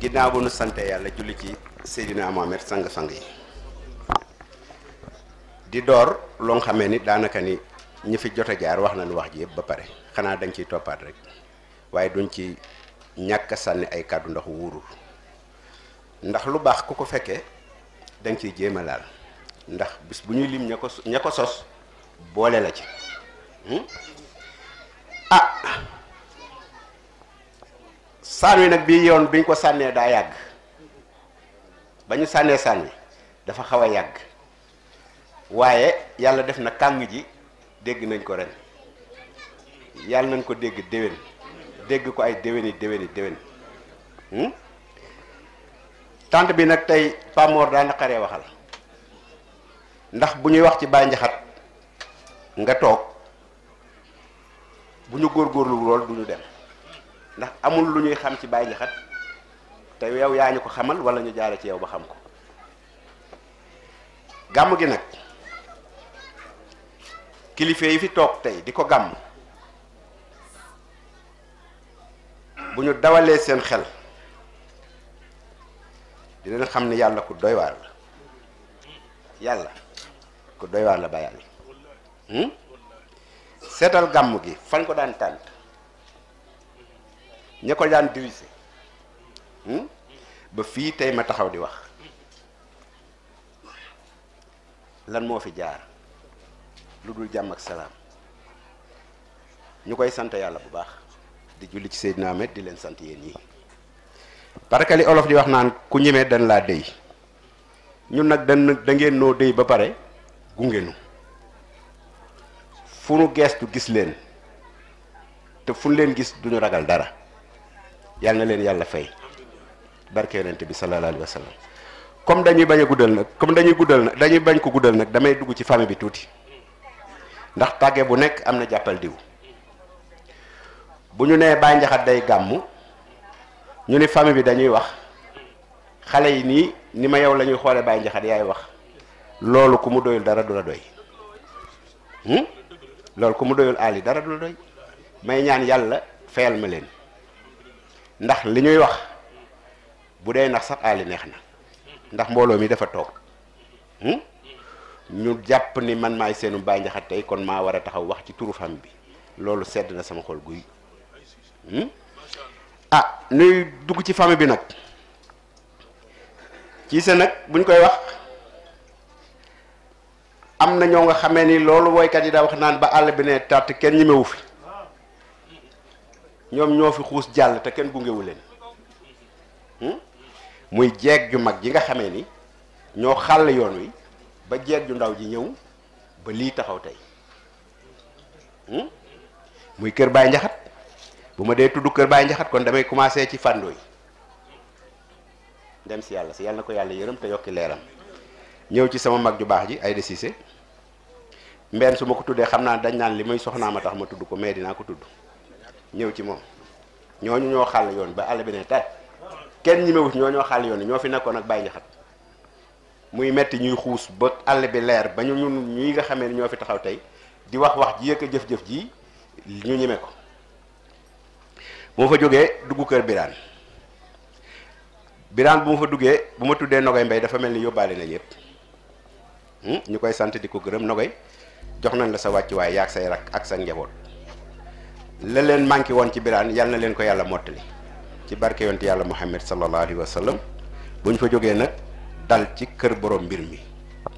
ginnaaw bu sante yàlla julli yi Seydina Mohamed sang-sang yi di door loo xame ni daanaka ni ñi fi jot a jaar wax na nu wax ji yëpp ba pare xanaa dañ ciy toppaat rek waaye duñ ci ñàkk sànni ay kàddu ndax wuurul ndax lu baax ku ko fekke dañ ciy jéem a laal ndax bis bu ñuy lim ña ko ña sos boole la ci hmm? ah saan wi nag bii yoon biñ ko sànnee daa yàgg ba ñu sànnee sànni dafa xaw a yàgg waaye yàlla def na kàng ji dégg nañ ko ren yàlla nañ ko dégg déwén dégg ko ay déwéni déwéni déwén hmm? tànt bi nag tey Pamor daa naqaree waxal ndax bu ñuy wax ci Baye Ndiakhate nga toog bu ñu góorgóorlu lool du ñu dem ndax amul lu ñuy xam ci Baye Ndiakhate te yow yaa ñu ko xamal wala ñu jaare ci yow ba xam ko gàmm gi nag kilifa yi fi toog tey di ko gàmm bu ñu dawalee seen xel dinañ xam ne yàlla ku doy la yàlla ku doy la ba yàlla hmm? seetal gàmm gi fañ ko daan tànt ña ko daan dirise Hmm? ba fii tey ma taxaw di wax lan moo fi jaar lu dul jàmm ak salaam ñu koy sant yàlla bu baax di julli ci Seydina Ahmed di leen sant yéen yi parce que li olof di wax naan ku ñemee dañ laa déy ñun nag dañ da ngeen noo déy ba pare gungenu fu nu geestu gis leen te fu nu leen gis duñu ragal dara yàlla na leen yàlla fay barke yonent bi sallallahu alayhi wa sallam comme dañuy bañ a nag comme dañuy guddal dañuy bañ ko guddal nag damay dugg ci famille bi tuuti ndax tàgge bu nekk am na jàppal diw bu ñu nee Baye Ndiakhate day gàmm ñu ni famille bi dañuy wax xale yi nii ni ma yow la ñuy xoolee Baye Ndiakhate yaay wax loolu ku mu doyul dara du la doy hmm? loolu ku mu doyul aal yi dara du la doy may ñaan yàlla fayal ma leen ndax li ñuy wax. bu dee nax sax àll neex na ndax mbooloo mi dafa toog hmm? ñu jàpp ni man maay seenu Baye tey kon maa war a taxaw wax ci turu fam bi loolu sedd na sama xol guy hmm? ah nuy dugg ci famille bi nag ci sa nag buñ koy wax am na ñoo nga xamee ni loolu woykat yi daa wax naan ba àll bi ne tàtt kenn ñemewu fi ñoom ñoo fi xuus jàll te kenn gungewu leen hmm? muy jeeg ju mag ji nga xamee ni ñoo xàll yoon wi ba jeeg ju ndaw ji ñëw ba lii taxaw tey hmm? muy kër Baay Njaxat bu ma dee tudd kër Baay Njaxat kon damay commencé ci fàndoo yi dem si yàlla si yàlla na ko yàlla yërëm te yokki leeram ñëw ci sama mag ju baax ji Aïda Cissé mbenn su ma ko tuddee xam naa dañ naan li muy soxnaa ma tax ma tudd ko mais dinaa ko tudd ñëw ci moom ñooñu ñoo xàll yoon ba àll bi ne tàj kenn ñi ñoo ñoo xaal yoon ñoo fi nekkoon ak bàyyi ñaxat muy metti ñuy xuus ba àll bi leer ba ñu ñun ñu nga xamee ni ñoo fi taxaw tey di wax wax ji yëkk jëf-jëf ji ñu ñeme ko bu ma fa jógee dugg kër biraan biraan bu ma fa duggee bu ma tuddee Nogay Mbay dafa mel ni yóbbaale na ñëpp hmm? ñu koy sant di ko gërëm Nogay jox nañ la sa wàccuwaay ak say rak ak sa njaboot la leen manqué woon ci biraan yàlla na leen ko yàlla mottali ci barke yonent yàlla Muhammad sallallahu alayhi wa sallam bu ñu fa jógee nag dal ci kër borom mbir mi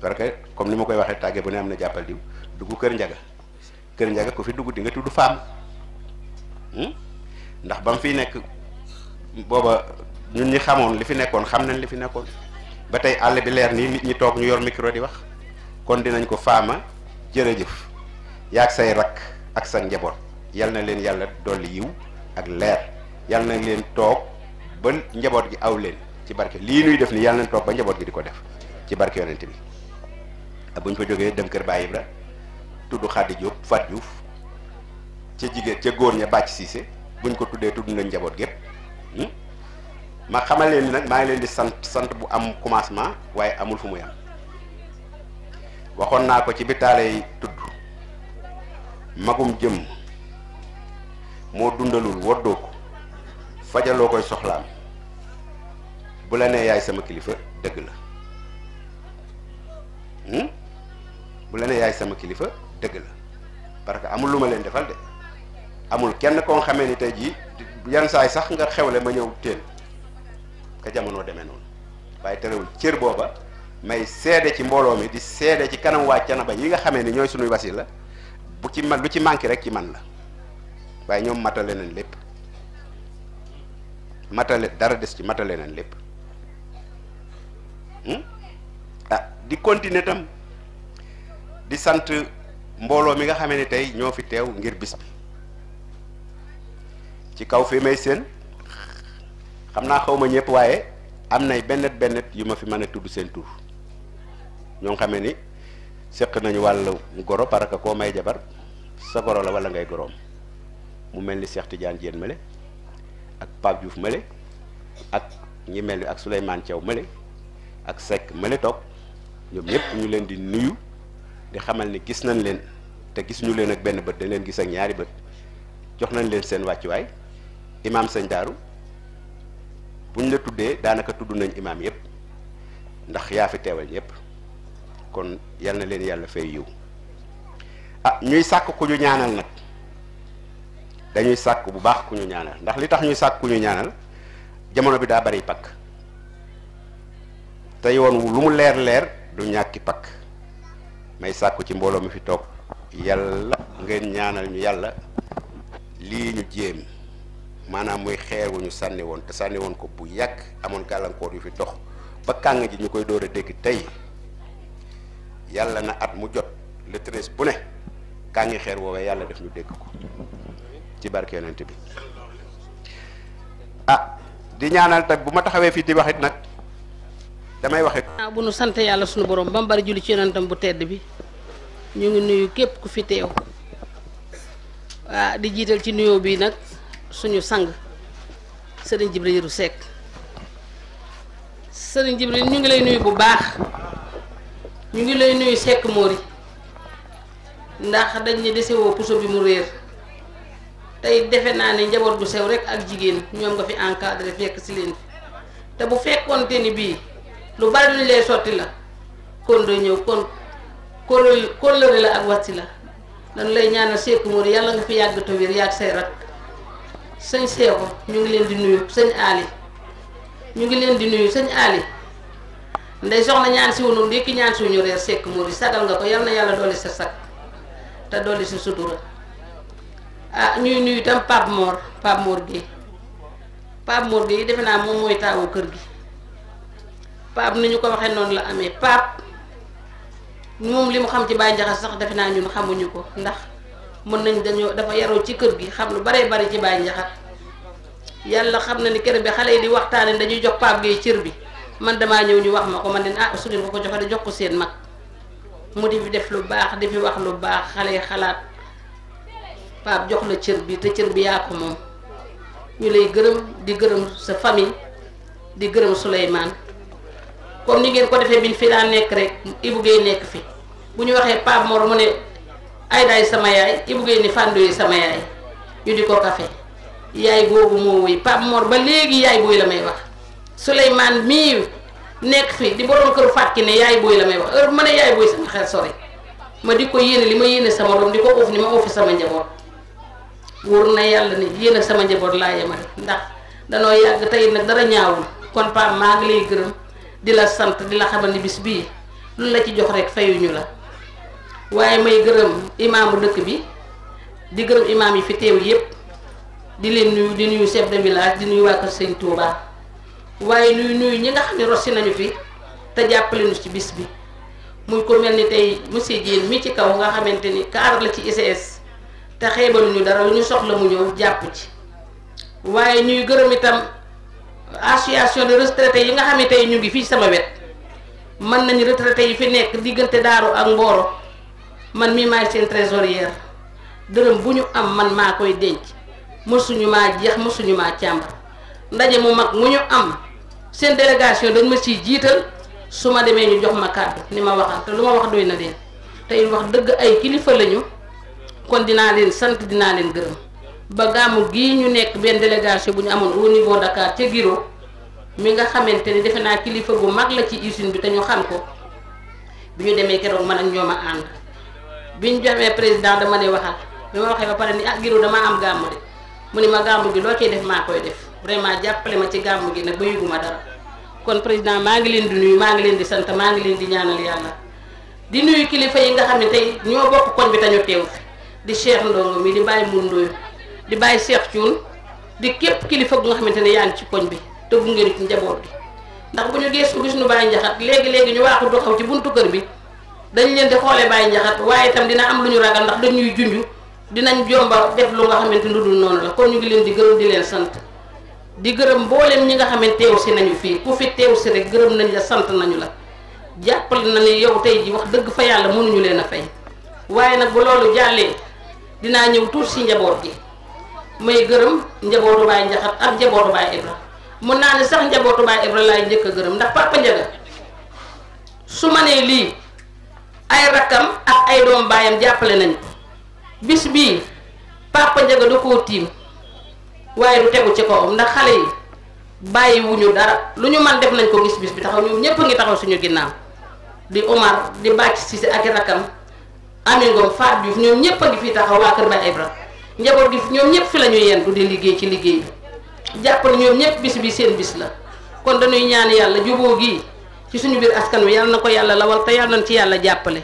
parce que comme ni ma koy waxee tàggee bu ne am na jàppal diw dugg kër njaga kër njaga ku fi dugg di nga tudd faam hmm? ndax ba mu fiy nekk booba ñun ñi xamoon li fi nekkoon xam nañ li fi nekkoon ba tey àll bi leer nii nit ñi toog ñu yor micro di wax kon dinañ ko faama jërëjëf yaag say rakk ak sa njaboot yal na leen yàlla dolli yiw ak leer yàlla na leen toog ba njaboot gi aw leen ci barke lii nuy def ni yàlla nañ toog ba njaboot gi di ko def ci barke yonent bi ah, bu ñu fa jógee dem kër bàyyi Ibra tudd Xaddi Diop Fat Diouf ca jigéen ca góor ña bàcc siise buñ ko tuddee tudd nañ njaboot gépp hmm? ma xamal leen nag maa ngi leen di sant sant bu am commencement waaye amul fu muy am waxoon naa ko ci bitaale yi tudd magum jëm moo dundalul woddoo ko fajaloo koy soxlaam bu la nee yaay sama kilifa dëgg la hmm? bu la nee sama kilifa dëgg la parce que amul lu ma leen defal de amul kenn koo xamee ni tey jii yan saay sax nga xewle ma ñëw teel ka jamono demee noonu waaye terewul cër booba may seede ci mbooloo mi di seede ci kanam waa Canaba yi nga xamee ni ñooy suñuy wasi la bu ci man lu ci manqué rek ci man la waaye ñoom matale nañ lépp. matale dara des ci matale nañ lépp hmm? ah di continuer tam di sant mbooloo mi nga xame ni tey ñoo fi teew ngir bis bi ci kaw fi may séen xam naa xaw ma ñëpp waaye am nay bennet bennet yu ma fi mën a tudd seen tur ñoo xamee ni séq nañu wàllu goro parce que koo may jabar sa goro la wala ngay goroom mu mel ni Cheikh Tidiane Diène male ak Pape Diouf Mële ak ñi mel ni ak Souleymane Thiaw Mële ak sekk Mële toog ñoom ñëpp ñu leen di nuyu di xamal ni gis nañ leen te gisuñu leen ak benn bët dañ leen gis ak ñaari bët jox nañ leen seen wàccuwaay imaam sañ Daaru buñ la tuddee daanaka tudd nañ imaam yëpp ndax yaa fi teewal ñëpp kon yal na leen yàlla fay yiw ah ñuy sàkk ku ñu ñaanal nag. dañuy sàkk bu baax ku ñu ñaanal ndax li tax ñu sàkk ku ñu ñaanal jamono bi daa bari pakk te yoon lu mu leer leer du ñàkki pakk may sàkku ci mbooloo mi fi toog yàlla ngeen ñaanal ñu yàlla lii ñu jéem maanaam muy xeer wu ñu sànni woon te sànniwoon ko bu yàgg amoon gàllankoor yu fi dox ba kàng ji ñu koy door a dégg tey yàlla na at mu jot le bu ne kàngi xeer woowee yàlla def ñu dégg ko ci barke yonent bi ah di ñaanal tam bu ma taxawee fii di waxit nag damay waxit bu nu sant yàlla suñu borom ba mu bari julli ci yonentam bu tedd bi ñu ngi nuyu képp ku fi teew waa ah, di jiital ci nuyoo bii nag suñu sang sëriñ Jibrilu Seck sëriñ Jibril ñu ngi lay nuyu bu baax ñu ngi lay nuyu sekk Mori ndax dañ ñu desewoo puso bi mu réer tey defe naa ni njaboot bu sew rek ak jigéen ñoom nga fi encadré fekk si leen fi te bu fekkoonte ni bii lu bari luñ lay sotti la kon doo ñëw kon kóllëre la ak wàcc la dañ lay ñaanal Seeku Mor yàlla nga fi yàgg te wér yàgg say rakk sëñ Seeko ñu ngi leen di nuyu sëñ Ali ñu ngi leen di nuyu sëñ Ali ndey soxna ñaan si wunu ndékki ñaan si wuñu reer Seeku Mor yi sagal nga ko yal na yàlla dolli sa sag te dolli si sutura ah ñuy nuyu itam Pape Mor Pape Mor Guèye Pape Mor Guèye defe naa moom mooy taawu kër gi Pape ni ñu ko waxee noonu la amee Pape moom li mu xam ci Baye Ndiakhate sax defe naa ñun xamuñu ko ndax mën nañ dañoo dafa yaroo ci kër gi xam lu bare bari ci Baye Ndiakhate yàlla xam na ni kër bi xale yi di waxtaanee dañuy jox Pape Guèye cër bi man damaa ñëw ñu wax ma ko man de ah su ngeen ko ko joxee jox ko seen mag mu di fi def lu baax di fi wax lu baax xale yi xalaat. Pape jox la cër bi te cër bi yaa ko moom ñu lay gërëm di gërëm sa famille di gërëm Souleymane comme ni ngeen ko defee biñ fi daan nekk rek Ibou Guèye nekk fi bu ñu waxee Pape Mor mu ne Aydaay sama yaay Ibou Guèye ni Fandoye sama yaay ñu di ko kafe yaay googu moo woy Pape Mor ba léegi yaay booy la may wax Souleymane mii nekk fi di borom këru fàtki ne yaay booy la may wax heure bu ma ne yaay booy sama xel sori ma di ko yéene li ma yéene sama doom di ko oof ni ma oofi sama njaboot. wóor na yàlla ni yéen sama njaboot laa yemale ndax danoo yàgg tey nag dara ñaawul kon Pape maa ngi lay gërëm di la sant di la xamal ni bis bii lu la ci jox rek fayuñu la waaye may gërëm imaamu dëkk bi di gërëm imaam yi fi teew yépp di leen nuyu di nuyu chef de village di nuyu waa kër Sëñ waaye nuyu nuyu ñi nga xam ne rossi nañu fi te jàppale ñu ci bis bi muy ko mel ni tey monsieur Diène mi ci kaw nga xamante ni cadre la ci ICS. te ñu dara ñu soxla mu ñëw jàppu ci waaye ñuy gërëm itam association de retraités yi nga xam ne tey ñu ngi fii sama wet man nañu retraités yi fi nekk diggante daaru ak mbooro man mii maay seen trésorière dërëm bu ñu am man maa koy denc mësuñu maa jeex mësuñu maa càmbar ndaje mu mag mu ñu am seen délégation dañ ma ciy jiital su ma demee ñu jox ma kàddu ni ma waxal te lu ma wax doy na leen tey wax dëgg ay kilifa lañu kon dinaa leen sant dinaa leen gërëm ba gàmmu gii ñu nekk benn délégation bu ñu amoon au niveau Dakar ca Giro mi nga xamante ni defe naa kilifa bu mag la ci usine bi te ñu xam ko bi ñu demee keroog man ak ñoom a ànd bi ñu joxee président dama lay waxal bi ma waxee ba pare ni ah Giro damaa am gàmmu de mu ne ma gàmmu gi loo ciy def maa koy def vraiment jàppale ma ci gàmmu gi nag ba yëguma dara kon président maa ngi leen di nuyu maa ngi leen di sant maa ngi leen di ñaanal yàlla di nuyu kilifa yi nga xam ne tey ñoo bokk koñ bi te ñu di Cheikh Ndongo mi di bàyyi Moundou di bàyyi Cheikh Thioune di képp kilifa bu nga xamante ne yaa ci poñ bi te bu ngeen ci njaboot bi ndax bu ñu gëstu gis ñu bàyyi njaxat léegi léegi ñu waaxu doxaw ci buntu kër bi dañ leen di xoolee bàyyi njaxat waaye itam dina am lu ñu ragal ndax dañuy junj dinañ jomba def lu nga xamante ni lu dul noonu la kon ñu ngi leen di gërëm di leen sant di gërëm mbooleem ñi nga xamante teew si nañu fii ku fi teew si rek gërëm nañ la sant nañu la jàppale na ne yow tey ji wax dëgg fa yàlla mënuñu leen a fay dinaa ñëw tuut si njaboot gi may gërëm njabootu baay njaxat ak njabootu baay Ibra mun naa ne sax njabootu baay Ibra laay njëkk a gërëm ndax papa Njaga su ma nee lii ay rakkam ak ay doom baayam jàppale nañ ko bis bii papa Njaga da koo tiim waaye du tegu ci kawam ndax xale yi bàyyi dara lu ñu man def nañ ko gis bis bi taxaw ñoom ñépp a ngi taxaw suñu ginnaaw di Omar di bàcc si si ak rakkam Amine Ngom Fatou Diouf ñoom ñëpp a ngi fii taxaw waa Kër Baye Ibra njaboot gi ñoom ñëpp fi la ñu yendu di liggéey ci liggéey bi jàpp ne ñoom ñëpp bis bi seen bis la kon dañuy ñaan yàlla juboo gii ci suñu biir askan wi yàlla na ko yàlla lawal te yàlla nañ ci yàlla jàppale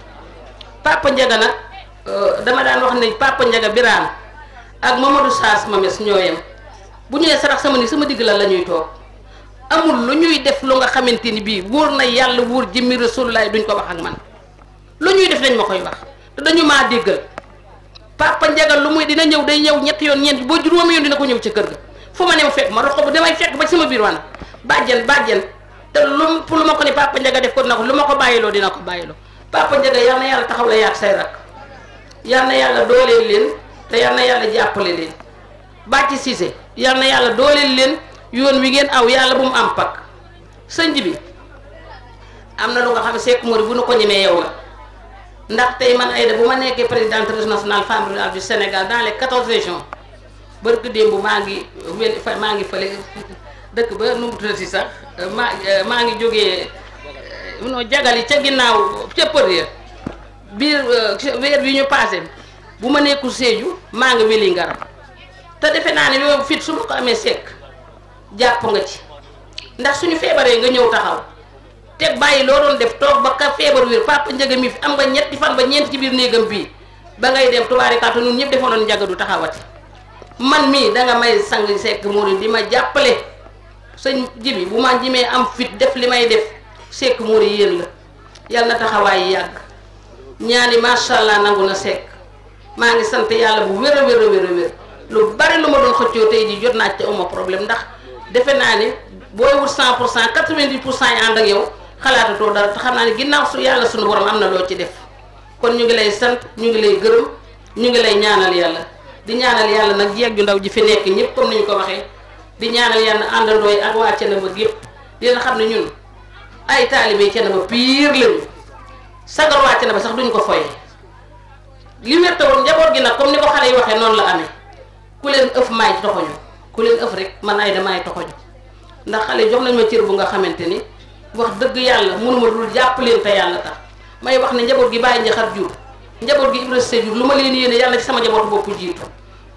Papa Ndiaga nag euh, dama daan wax ne Papa Ndiaga Birane ak Mamadou Saas Mames ñoo yem bu ñëwee sarax sama ni sama digg la la ñuy toog amul lu ñuy def lu nga xamante ni bii wóor na yàlla wóor jëmmi Rasulullah duñ ko wax ak lu ñuy def dañ ma koy wax te dañu maa déggal papa njagal lu muy dina ñëw day ñëw ñetti yoon ñeent boo juróom yoon dina ko ñëw ca kër ga fu ma ne ma fekk ma roqo bu damay fekk ba sama biir wana bàjjen bàjjen te lu pour lu ma ko ne papa njaga def ko dina ko lu ma ko bàyyiloo dina ko bàyyiloo papa njaga yal na yàlla taxaw la yaag say rak yal na yàlla dooleel leen te yal na yàlla jàppale leen bàcc siise yal na yàlla dooleel leen yoon wi ngeen aw yàlla bu mu am pak sëñ bi am na lu nga xam ne Seck Mori bu ko ñemee yow ndax tey man ay Aïda bu ma nekkee président réseau national femme rurale du Sénégal dans les quatorze régions barke démb maa ngi wén maa ngi fële dëkk ba nu mu sax maa maa ngi jógee euh, noo jagali ca ginnaaw ca përier biir euh, weer bi ñu passé bu ma nekkul Sédhiou maa ngi wéli ngaram te defe naa ni yooyu fit su ma ko amee sekk jàpp nga ci ndax su ñu feebaree nga ñëw taxaw te bàyyi loo doon def toog ba ka feebar wér papa njëga mi fi am nga ñetti fan ba ñeent ci biir néegam bii ba ngay dem tubaarikàlta ñëpp defoon nañu njagadu man mii danga may sang sekk muuri di ma jàppale sëñ jibi bu ma jimee am fit def li may def sekk muuri yéen la yàlla na taxawaay yàgg ñaani macha allah nangu na sekk maa ngi sant yàlla bu wér a wér a wér a wér bari lu ma doon xëccoo tey jii jot naa ci uma problème ndax defe naa ne booy wut 100 pour cent 90 pour cent yi ànd ak yow xalaatatoo dara te xam naa ne ginnaaw su yàlla suñu borom am na loo ci def kon ñu ngi lay sant ñu ngi lay gërëm ñu ngi lay ñaanal yàlla di ñaanal yàlla nag jeeg ju ndaw ji fi nekk ñëpp comme ni ñu ko waxee di ñaanal yàlla àndandoo yi ak waa Thiénaba yëpp dina xam ne ñun ay taalibe Thiénaba pire lañu sagar waa Thiénaba sax duñ ko foyee li wér te woon njaboot gi nag comme ni ko xale yi waxee noonu la amee ku leen ëf maay toxoñu ku leen ëf rek man ay damaay bu nga xamante ni. wax dëgg yàlla mënuma dul jàppaleen te yàlla tax may wax ne njaboot gi bàyyi njaxar jur njaboot gi Ibrahima Seydou lu ma leen yéene yàlla ci sama njabootu bopp jiitu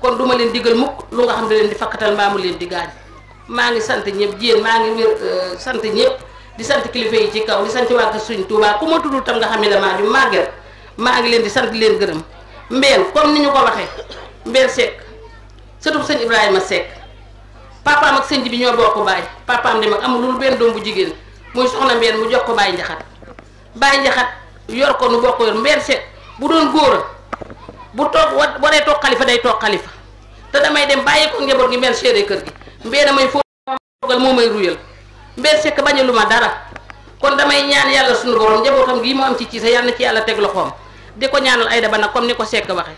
kon du ma leen digal mukk lu xam ne leen di fakkatal mbaa mu leen maa ngi sant ñëpp jiyéen maa ngi wér euh, sant ñëpp di sant kilifa yi ci kaw di sant waa kër Tuubaa ku ma tuddul tam nga xam ne damaa ju màgget maa ngi leen di sant leen gërëm mbeel comme ni ñu ko waxee mbeel Seck sëtub sëñ Ibrahima Seck papaam ak sëñ bi ñoo ko baay papaam di mag amul lu benn doom bu jigéen muy soxna mbeen mu jox ko Baye Njaxat Baye Njaxat yor ko nu bokk yor mbeen seet bu doon góor bu toog wa waree toog xalifa day toog xalifa te damay dem bàyyi ko njaboot gi mbeen seere kër gi mbeen damay foogal moo may ruyal mbeen sekk bañu lu ma dara kon damay ñaan yàlla suñu borom njabootam gi mu am ci ci sa na ci yàlla teg loxoom di ko ñaanal ayda ba nag comme ni ko sekk waxe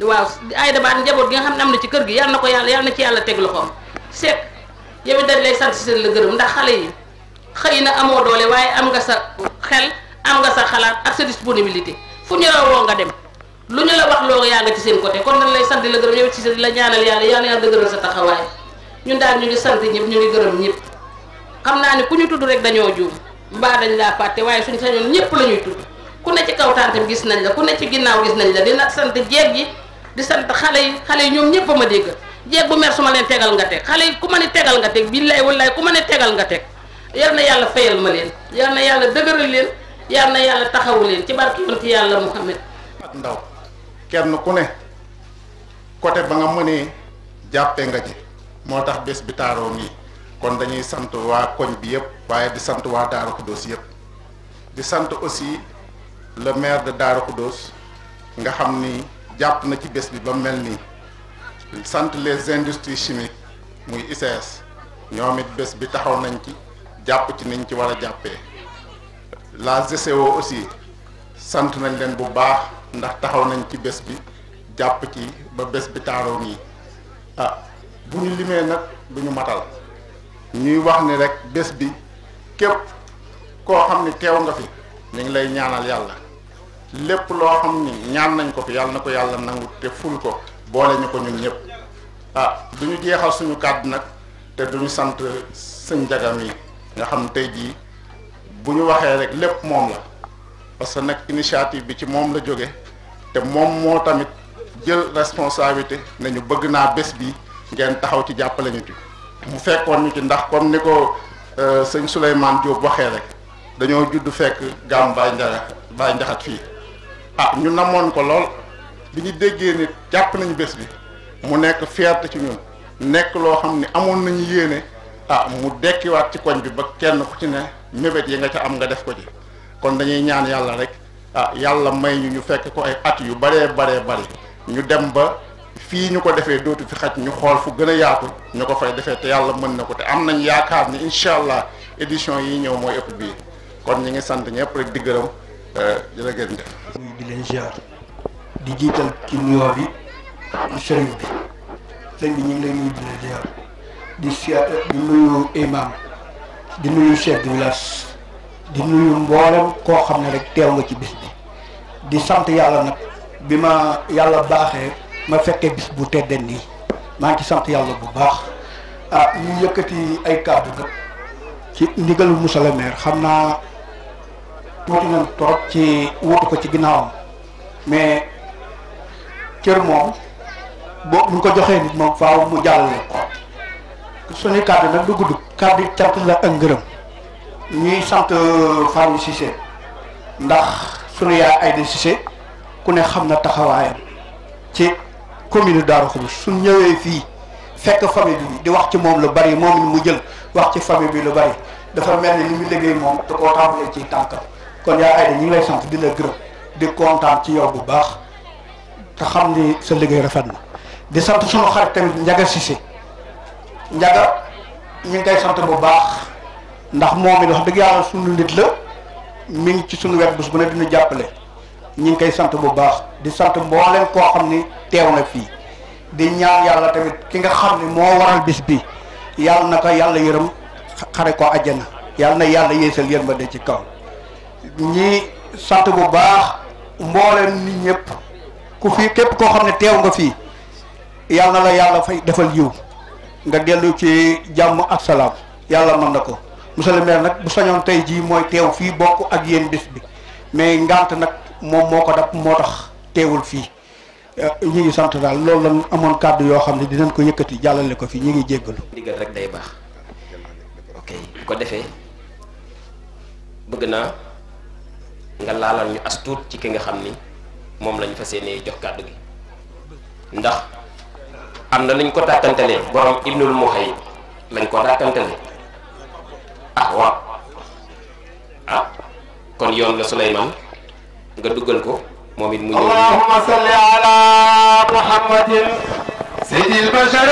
waaw ayda ba njaboot gi nga xam ne am na ci kër gi yàlla na ko yàlla yàlla na ci yàlla teg loxoom sekk yow dañ lay sant si la gërëm ndax xale yi xëy na amoo doole waaye am nga sa xel am nga sa xalaat ak sa disponibilité fu ñu la woo nga dem lu ñu la wax loo yaa nga ci seen côté kon dañ lay sant di la gërëm yow ci di la yàlla yàlla yàlla dëgëral sa taxawaay ñun daal ñu ngi sant ñëpp ñu ngi gërëm ñëpp xam naa ne ku ñu tudd rek dañoo juum mbaa dañ laa fàtte waaye suñ sañoon ñëpp la ñuy tudd ku ne ci kaw tàntam gis nañ la ku ne ci ginnaaw gis nañ la dina sant jeeg yi di sant xale yi xale yi ñoom ñëpp a ma dégg jeeg bu mer su ma leen tegal nga teg xale yi ku ma ne tegal nga teg billaay wallaay ku ma ne tegal nga teg yal na yàlla fayal ma leen yal na yàlla dëgëral leen yal na yàlla taxawu leen ci barke yonent yàlla Muhammad ak ndaw kenn ku ne côté ba nga mënee jàppe nga ci moo tax bés bi taaroo nii kon dañuy sant waa koñ bi yëpp waaye di sant waa Daaru Xuddoos yëpp di sant aussi le maire de Daaru Xuddoos nga xam ni jàpp na ci bés bi ba mel nii sant les industries chimiques muy ICS ñoom it bés bi taxaw nañ ci jàpp ci niñ ci war a jàppee la GCO aussi sant nañ leen bu baax ndax taxaw nañ ci bés bi jàpp ci ba bés bi taaroo nii ah bu ñu limee nag du ñu matal ñuy wax ni rek bés bi képp koo xam ni teew nga fi ñu lay ñaanal yàlla lépp loo xam ni ñaan nañ ko fi yàlla na ko yàlla nangu te ful ko boole ñu ko ñun ñëpp ah du ñu jeexal suñu kàddu nag te duñu sant sëñ jagam yi nga xam tey jii bu ñu waxee rek lépp moom la parce que nag initiative bi ci moom la jóge te moom moo tamit jël responsabilité ne ñu bëgg naa bés bi ngeen taxaw ci jàppale ñu ci mu fekkoon ñu ci ndax comme ni ko euh, sëñ Souleymane Diop waxee rek dañoo judd fekk gàmm Baye Ndiaga fii ah ñu namoon ko lool bi ñu déggee ni jàpp nañu bés bi mu nekk fierté ci ñun nekk loo xam ni amoon nañu yéene ah mu dekkiwaat ci koñ bi ba kenn ku ci ne mébét yi nga ca am nga def ko ci kon dañuy ñaan yàlla rek ah yàlla may ñu ñu fekk ko ay at yu baree baree bari ñu dem ba fii ñu ko defee dootu fi xaj ñu xool fu gën a yaatu ñu ko fay defee te yàlla mën na ko te am nañ yaakaar ni incha allah édition yi ñëw mooy ëpp bii kon ñu ngi sant ñëpp rek di gërëm eh, jërë ngeen jëf. muy di leen ziar di jiital ci nuyoo bi sëriñ bi sëriñ bi ñu ngi leen nuyu di leen ziar. di sia di nuyu imam di nuyu chef de di nuyu mboolem koo xam ne rek teew nga ci bis bi di sant yàlla nag bi ma yàlla baaxee ma fekkee bis bu tedde nii maa ngi ci sant yàlla bu baax ah ñu yëkkati ay kàddu nag ci ndigalu monsieur le maire xam naa tuuti nañ trop ci wutu ko ci ginnaawam mais cër moom boo mu ko joxee nit moom faaw mu jàllale ko suñu kàddu nag du gudd kàddu cant la ak ngërëm ñuy sant euh, Fallou Cissé ndax suñu yaay Aïda Cissé ku ne xam na taxawaayam ci commune Darou Khoudoss suñ ñëwee fii fekk famille bi di wax ci moom lu bari moom mu jël wax ci famille bi lu bari dafa mel ni li mu liggéey moom da koo tàmbalee ci tànkam kon yaay Aïda ñu ngi lay sant di la gërëm di kontaan ci yow bu baax te xam ni sa liggéey rafet na di sant sunu xarit tamit Ndiaga Cissé njaga ñu ngi koy sant bu baax ndax moom it wax dëgg yàlla sunu nit la mi ngi ci sunu wet bés bu ne dina jàppale ñu ngi koy sant bu baax di sant leen koo xam ne teew na fii di ñaan yàlla tamit ki nga xam ne moo waral bis bi yàlla na ko yàlla yërëm xare ko àjjana yàlla na yàlla yeesal de ci kaw ñi sant bu baax mbooleem nit ñëpp ku fi képp koo xam ne teew nga fii yàlla na la yàlla fay defal yiw nga dellu ci jàmm ak salaam yàlla mën na ko monsieur le maire nag bu sañoon tey jii mooy teew fii bokk ak yéen bis bi mais ngant nag moom moo ko dab moo tax teewul fii euh, ñu ngi sant daal loolu lan amoon kàddu yoo xam ne dinañ ko yëkkati jàllale ko fii ñu ngi jéggalu ndigal rek day baax ok bu ko defee bëgg naa nga laalal ñu as ci ki nga xam ni moom lañ fas yéenee jox kàddu gi ndax am na luñ ko dàkkantalee borom ibnul muxay lañ ko dàkkantalee ah waaw ah, kon yoon la Souleymane nga duggal ko moom it mu ñëw allahumma salli ala muhammadin sayyidil bashar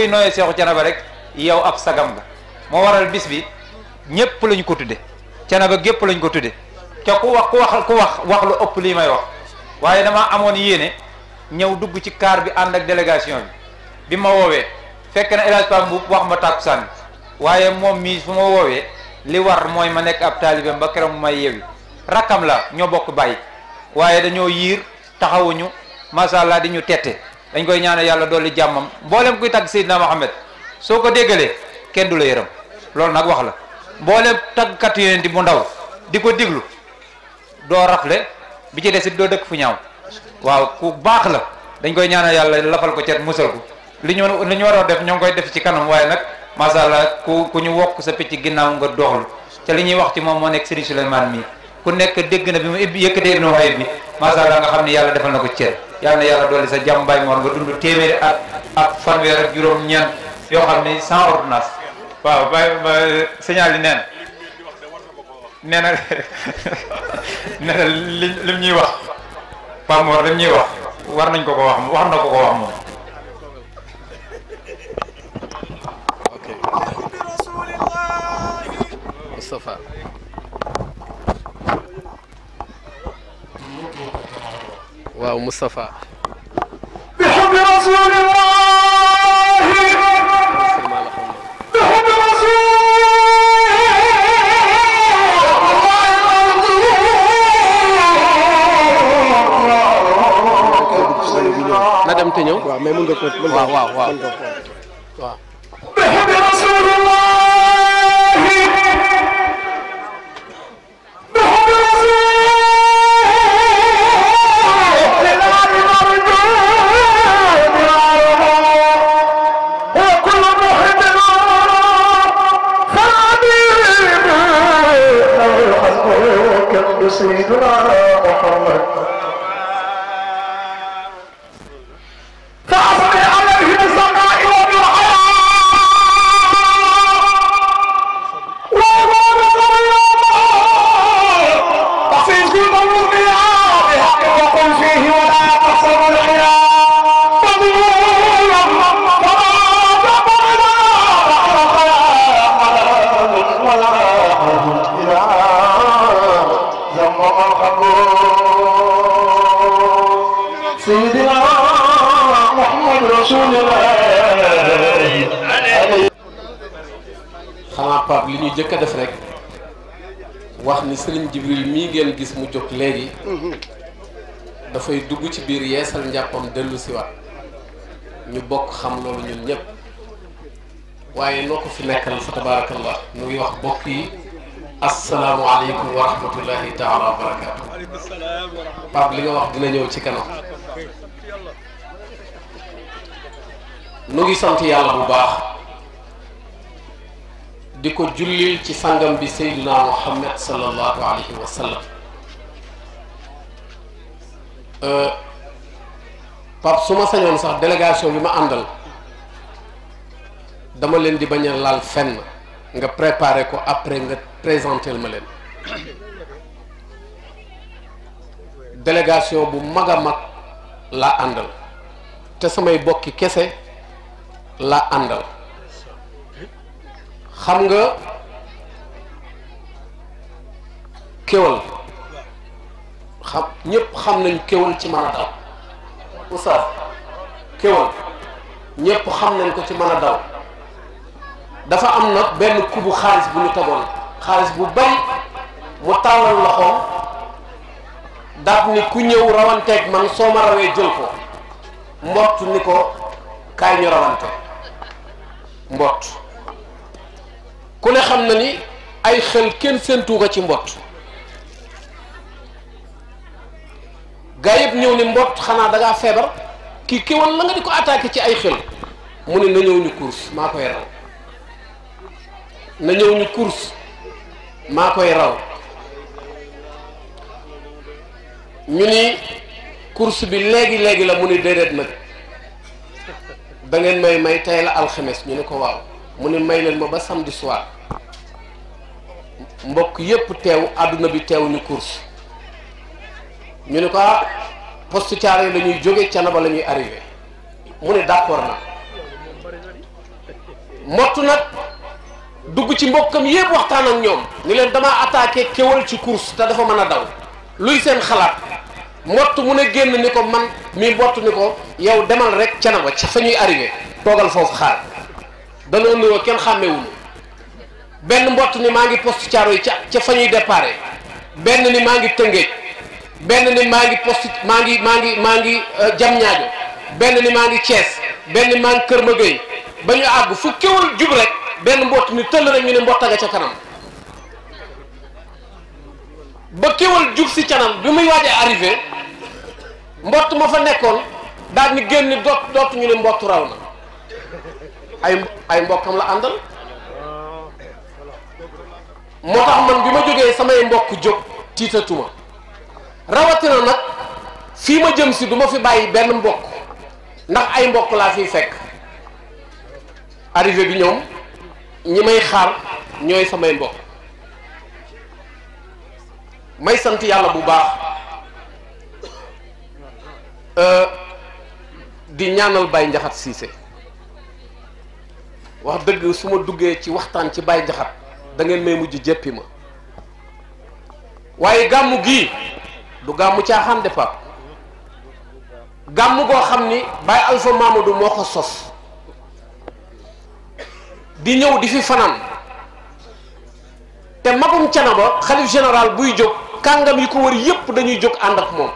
kuy nooyee seexu canaba rek yow ab sagam nga moo waral bis bi ñépp lañ ko tudde canaba gépp lañ ko tudde ca ku wax ku wax ku wax wax lu ëpp lii may wax waaye dama amoon yéene ñëw dugg ci kaar bi ànd ak délégation bi bi ma woowee fekk na El Hadj wax ma tàkkusaan waaye moom mii su ma woowee li war mooy ma nekk ab taalibeem ba keroog may yewi rakkam la ñoo bokk bàyyi waaye dañoo yiir taxawuñu macha di ñu tette dañ koy ñaane yàlla dolli jàmmam mboolem kuy tagg Seydina Mohamed soo ko déggalee kenn du la yërëm loolu nag wax la mboolem taggkat di bu ndaw di ko diglu doo rafle bi ci des it doo dëkk fu ñaaw waaw ku baax la dañ koy ñaanal yàlla lafal ko cet musal ko li ñu li ñu war a def ñoo ngi koy def ci kanam waaye nag macha allah ku ku ñu wokk sa picc ginnaaw nga doxlu te li ñuy wax ci moom moo nekk Serigne Souleymane mii ku nekk dégg na bi mu yëkkatee ibnu wahib bi macha allah nga xam ni yàlla defal na ko cër yàlla na yàlla dolli sa jàmm Baye Mor nga dund téeméeri at ak fanweer ak juróom-ñeent yoo xam ne sans ordonnance waaw Baye signal yi nee na nee li lim ñuy wax Pape Mor lim ñuy wax war nañ ko ko wax wax na ko ko wax moom. waaw Moustapha bi hubbi rasulillah na dem te ñëw waaw mais mën nga ko waaw waaw waaw Surah ñuy jëkk a def rek wax ni sëriñ Jibril mii ngeen gis mu jóg léegi dafay dugg ci biir yeesal njàppam dellu siwaat ñu bokk xam loolu ñun ñëpp waaye noo ko fi nekkal fa tabaarakallah mu ngi wax bokk yi asalaamualeykum wa rahmatullahi taala wa barakaatu Pape li nga wax dina ñëw ci kanam nu ngi sant yàlla bu baax di ko jullil ci sangam bi sayyiduna muhammad sallallahu alayhi wa sallam euh, pap su ma sañoon sax délégation bi ma àndal dama leen di bañ a laal fenn nga préparer ko après nga présentel ma leen délégation bu mag mag laa àndal te samay bokki kese laa àndal xam nga kéwal xam ñëpp xam nañ kéwal ci mën a daw oustaz kéwal ñëpp xam nañ ko ci mën a daw dafa am nag benn kubu xaalis bu ñu tegoon xaalis bu bari mu tàllal loxoom daat ni ku ñëw rawanteeg man soo ma rawee jël ko mbott ni ko kaay ñu rawante mbott ku ne xam na ni ay xel kenn séentu ko ci mbott gaa yëpp ñëw ni mbott xanaa da ngaa feebar kii kéwal woon la nga di ko attake ci ay xel mu ne na ñëw ñu course maa koy raw na ñëw ñu course maa koy raw ñu ni course bi léegi léegi la mu ni déedéet na da ngeen may may tey la alxemes ñu ne ko waaw mu ne may leen ma ba samedi soir mbokk yépp teew àdduna bi teew ñu course ñu ne ko ah poste Thiaroye la ñuy jóge Thiénaba la ñuy arrivé mu ne d'accord na mottu nag dugg ci mbokkam yépp waxtaan ñoom ni leen dama attaqué kéwal ci course te dafa mën a daw luy seen xalaat mottu mu ne génn ni ko man mi mbott ni ko yow demal rek Thiénaba ca fa ñuy arrivé toogal foofu xaar dana niroo kenn xàmmewuñu benn mbott ni maa ngi poste caaro yi ca ca fa ñuy déparé benn ni maa ngi tëngéej benn ni maa ngi poste maa ngi maa ngi maa ngi euh, jam ñaajo benn ni maa ngi Thiès benn ni maa ngi Kër Magueye ba ñu àgg fu kéwul jub rek benn mbott ni tëll rek ñu ne mbott nga ca kanam ba kéwul jub si canam bi muy waajee arrivé mbott ma fa nekkoon daal ni génn doot dootu ñu ne mbott raw na ay ay mbokkam la àndal moo tax man bi ma jógee samay mbokk jóg tiitatuma rawatina nag fii ma jëm si du ma fi bàyyi benn mbokk ndax ay mbokk laa fiy fekk arrivé bi ñoom ñi may xaar ñooy samay mbokk may sant yàlla bu baax euh, di ñaanal Baye Ndiakhate Cissé wax dëgg su ma duggee ci waxtaan ci bay Jaxat da ngeen may mujj jéppi ma waaye gàmmu gii du gàmmu caaxaan de Pape gàmmu goo xam ni Baye Alpha Mamadou moo ko sos di ñëw di fi fanaan te magum Canaba xalif général buy jóg kàngam yi ko wër yépp dañuy jóg ànd ak moom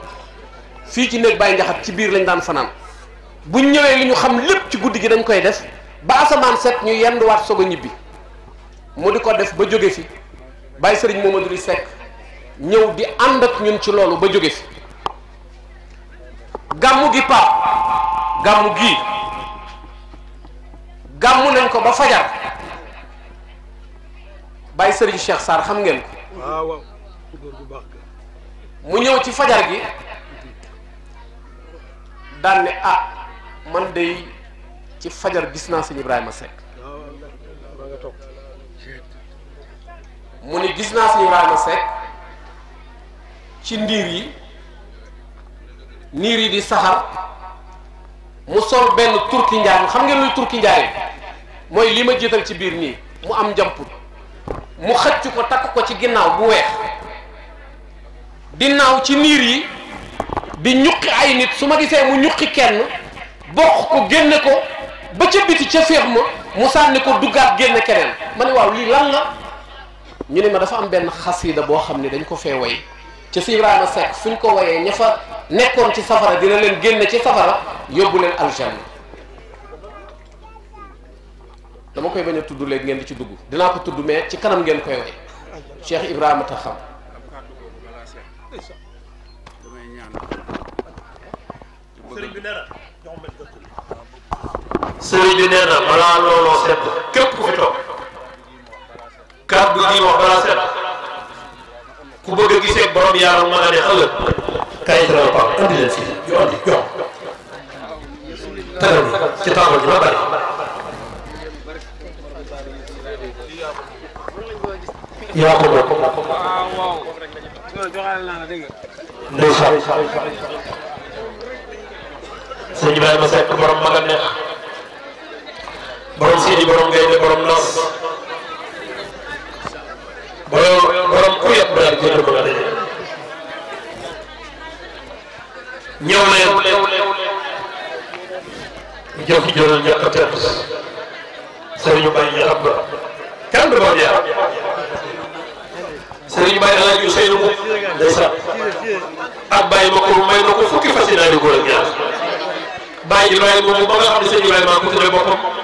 fii ci néeg Baye Jaxat ci biir lañ daan fanaan buñ ñëwee li ñu xam lépp ci guddi gi dañ koy def ba asamaan set ñu yenduwaat soog a ñibbi mu di ko def ba jóge fi bàyyi sëriñ Momadou di Seck ñëw di ànd ak ñun ci loolu ba jóge fi gàmmu gi pap gàmmu gi gàmmu nañ ko ba fajar bàyyi sëriñ Cheikh Sarr xam ngeen ko mu ñëw ci fajar gi dal ne ah man day ci fajar gis naa sëñ Ibrahima Seck mu ni gis naa sëñ Ibrahima Seck ci ndiir yi niir yi di saxar mu sol benn turki njaay xam ngeen luy turki njaay mooy li ma jiital ci biir nii mu am njamput mu xëcc ko takk ko ci ginnaaw bu weex dinaaw ci niir yi di ñuqi ay nit su ma gisee mu ñuqi kenn bokk ko génne ko ba ca biti ca ferme mu sànni ko duggaat génn keneen ma ne waaw lii lan ñu ne ma dafa am benn xasida boo xam ne dañ ko fee woy ca si Ibrahima Seck suñ ko wayee ña nekkoon ci safara dina leen génn ci safara yóbbu leen aljanna dama koy bañ a tudd léegi ngeen di ci dugg dinaa ko tudd mais ci kanam ngeen koy way Cheikh Ibrahima ta xam sëriñ sëriñ bi nee na balaa looloo set képp ku fi toog kàddu gi wax balaa set ku bëgg a gisee borom yaaram ma nga ne ëllëg kaay dara ba pare indi leen fii ñu andi jox tegal ci taabal ji ba bari yaa ko bokk ndeysaan sëñ Ibrahima Seck borom ma nga neex borom siidi borom gaynde borom noor borom borom ku yab daal jënd ko daal ñëw leen jokki jëloon ñàkk a tedd Serigne Baye ñu ab kenn du borom yaram Serigne Baye El Hadj Ousseynou ndeysaan ab Baye ma ko may ma ko fukki fas yi naa di góor ak ñaar Baye Ibrahima moom ba nga xam ne sëñ Ibrahima ko tuddee boppam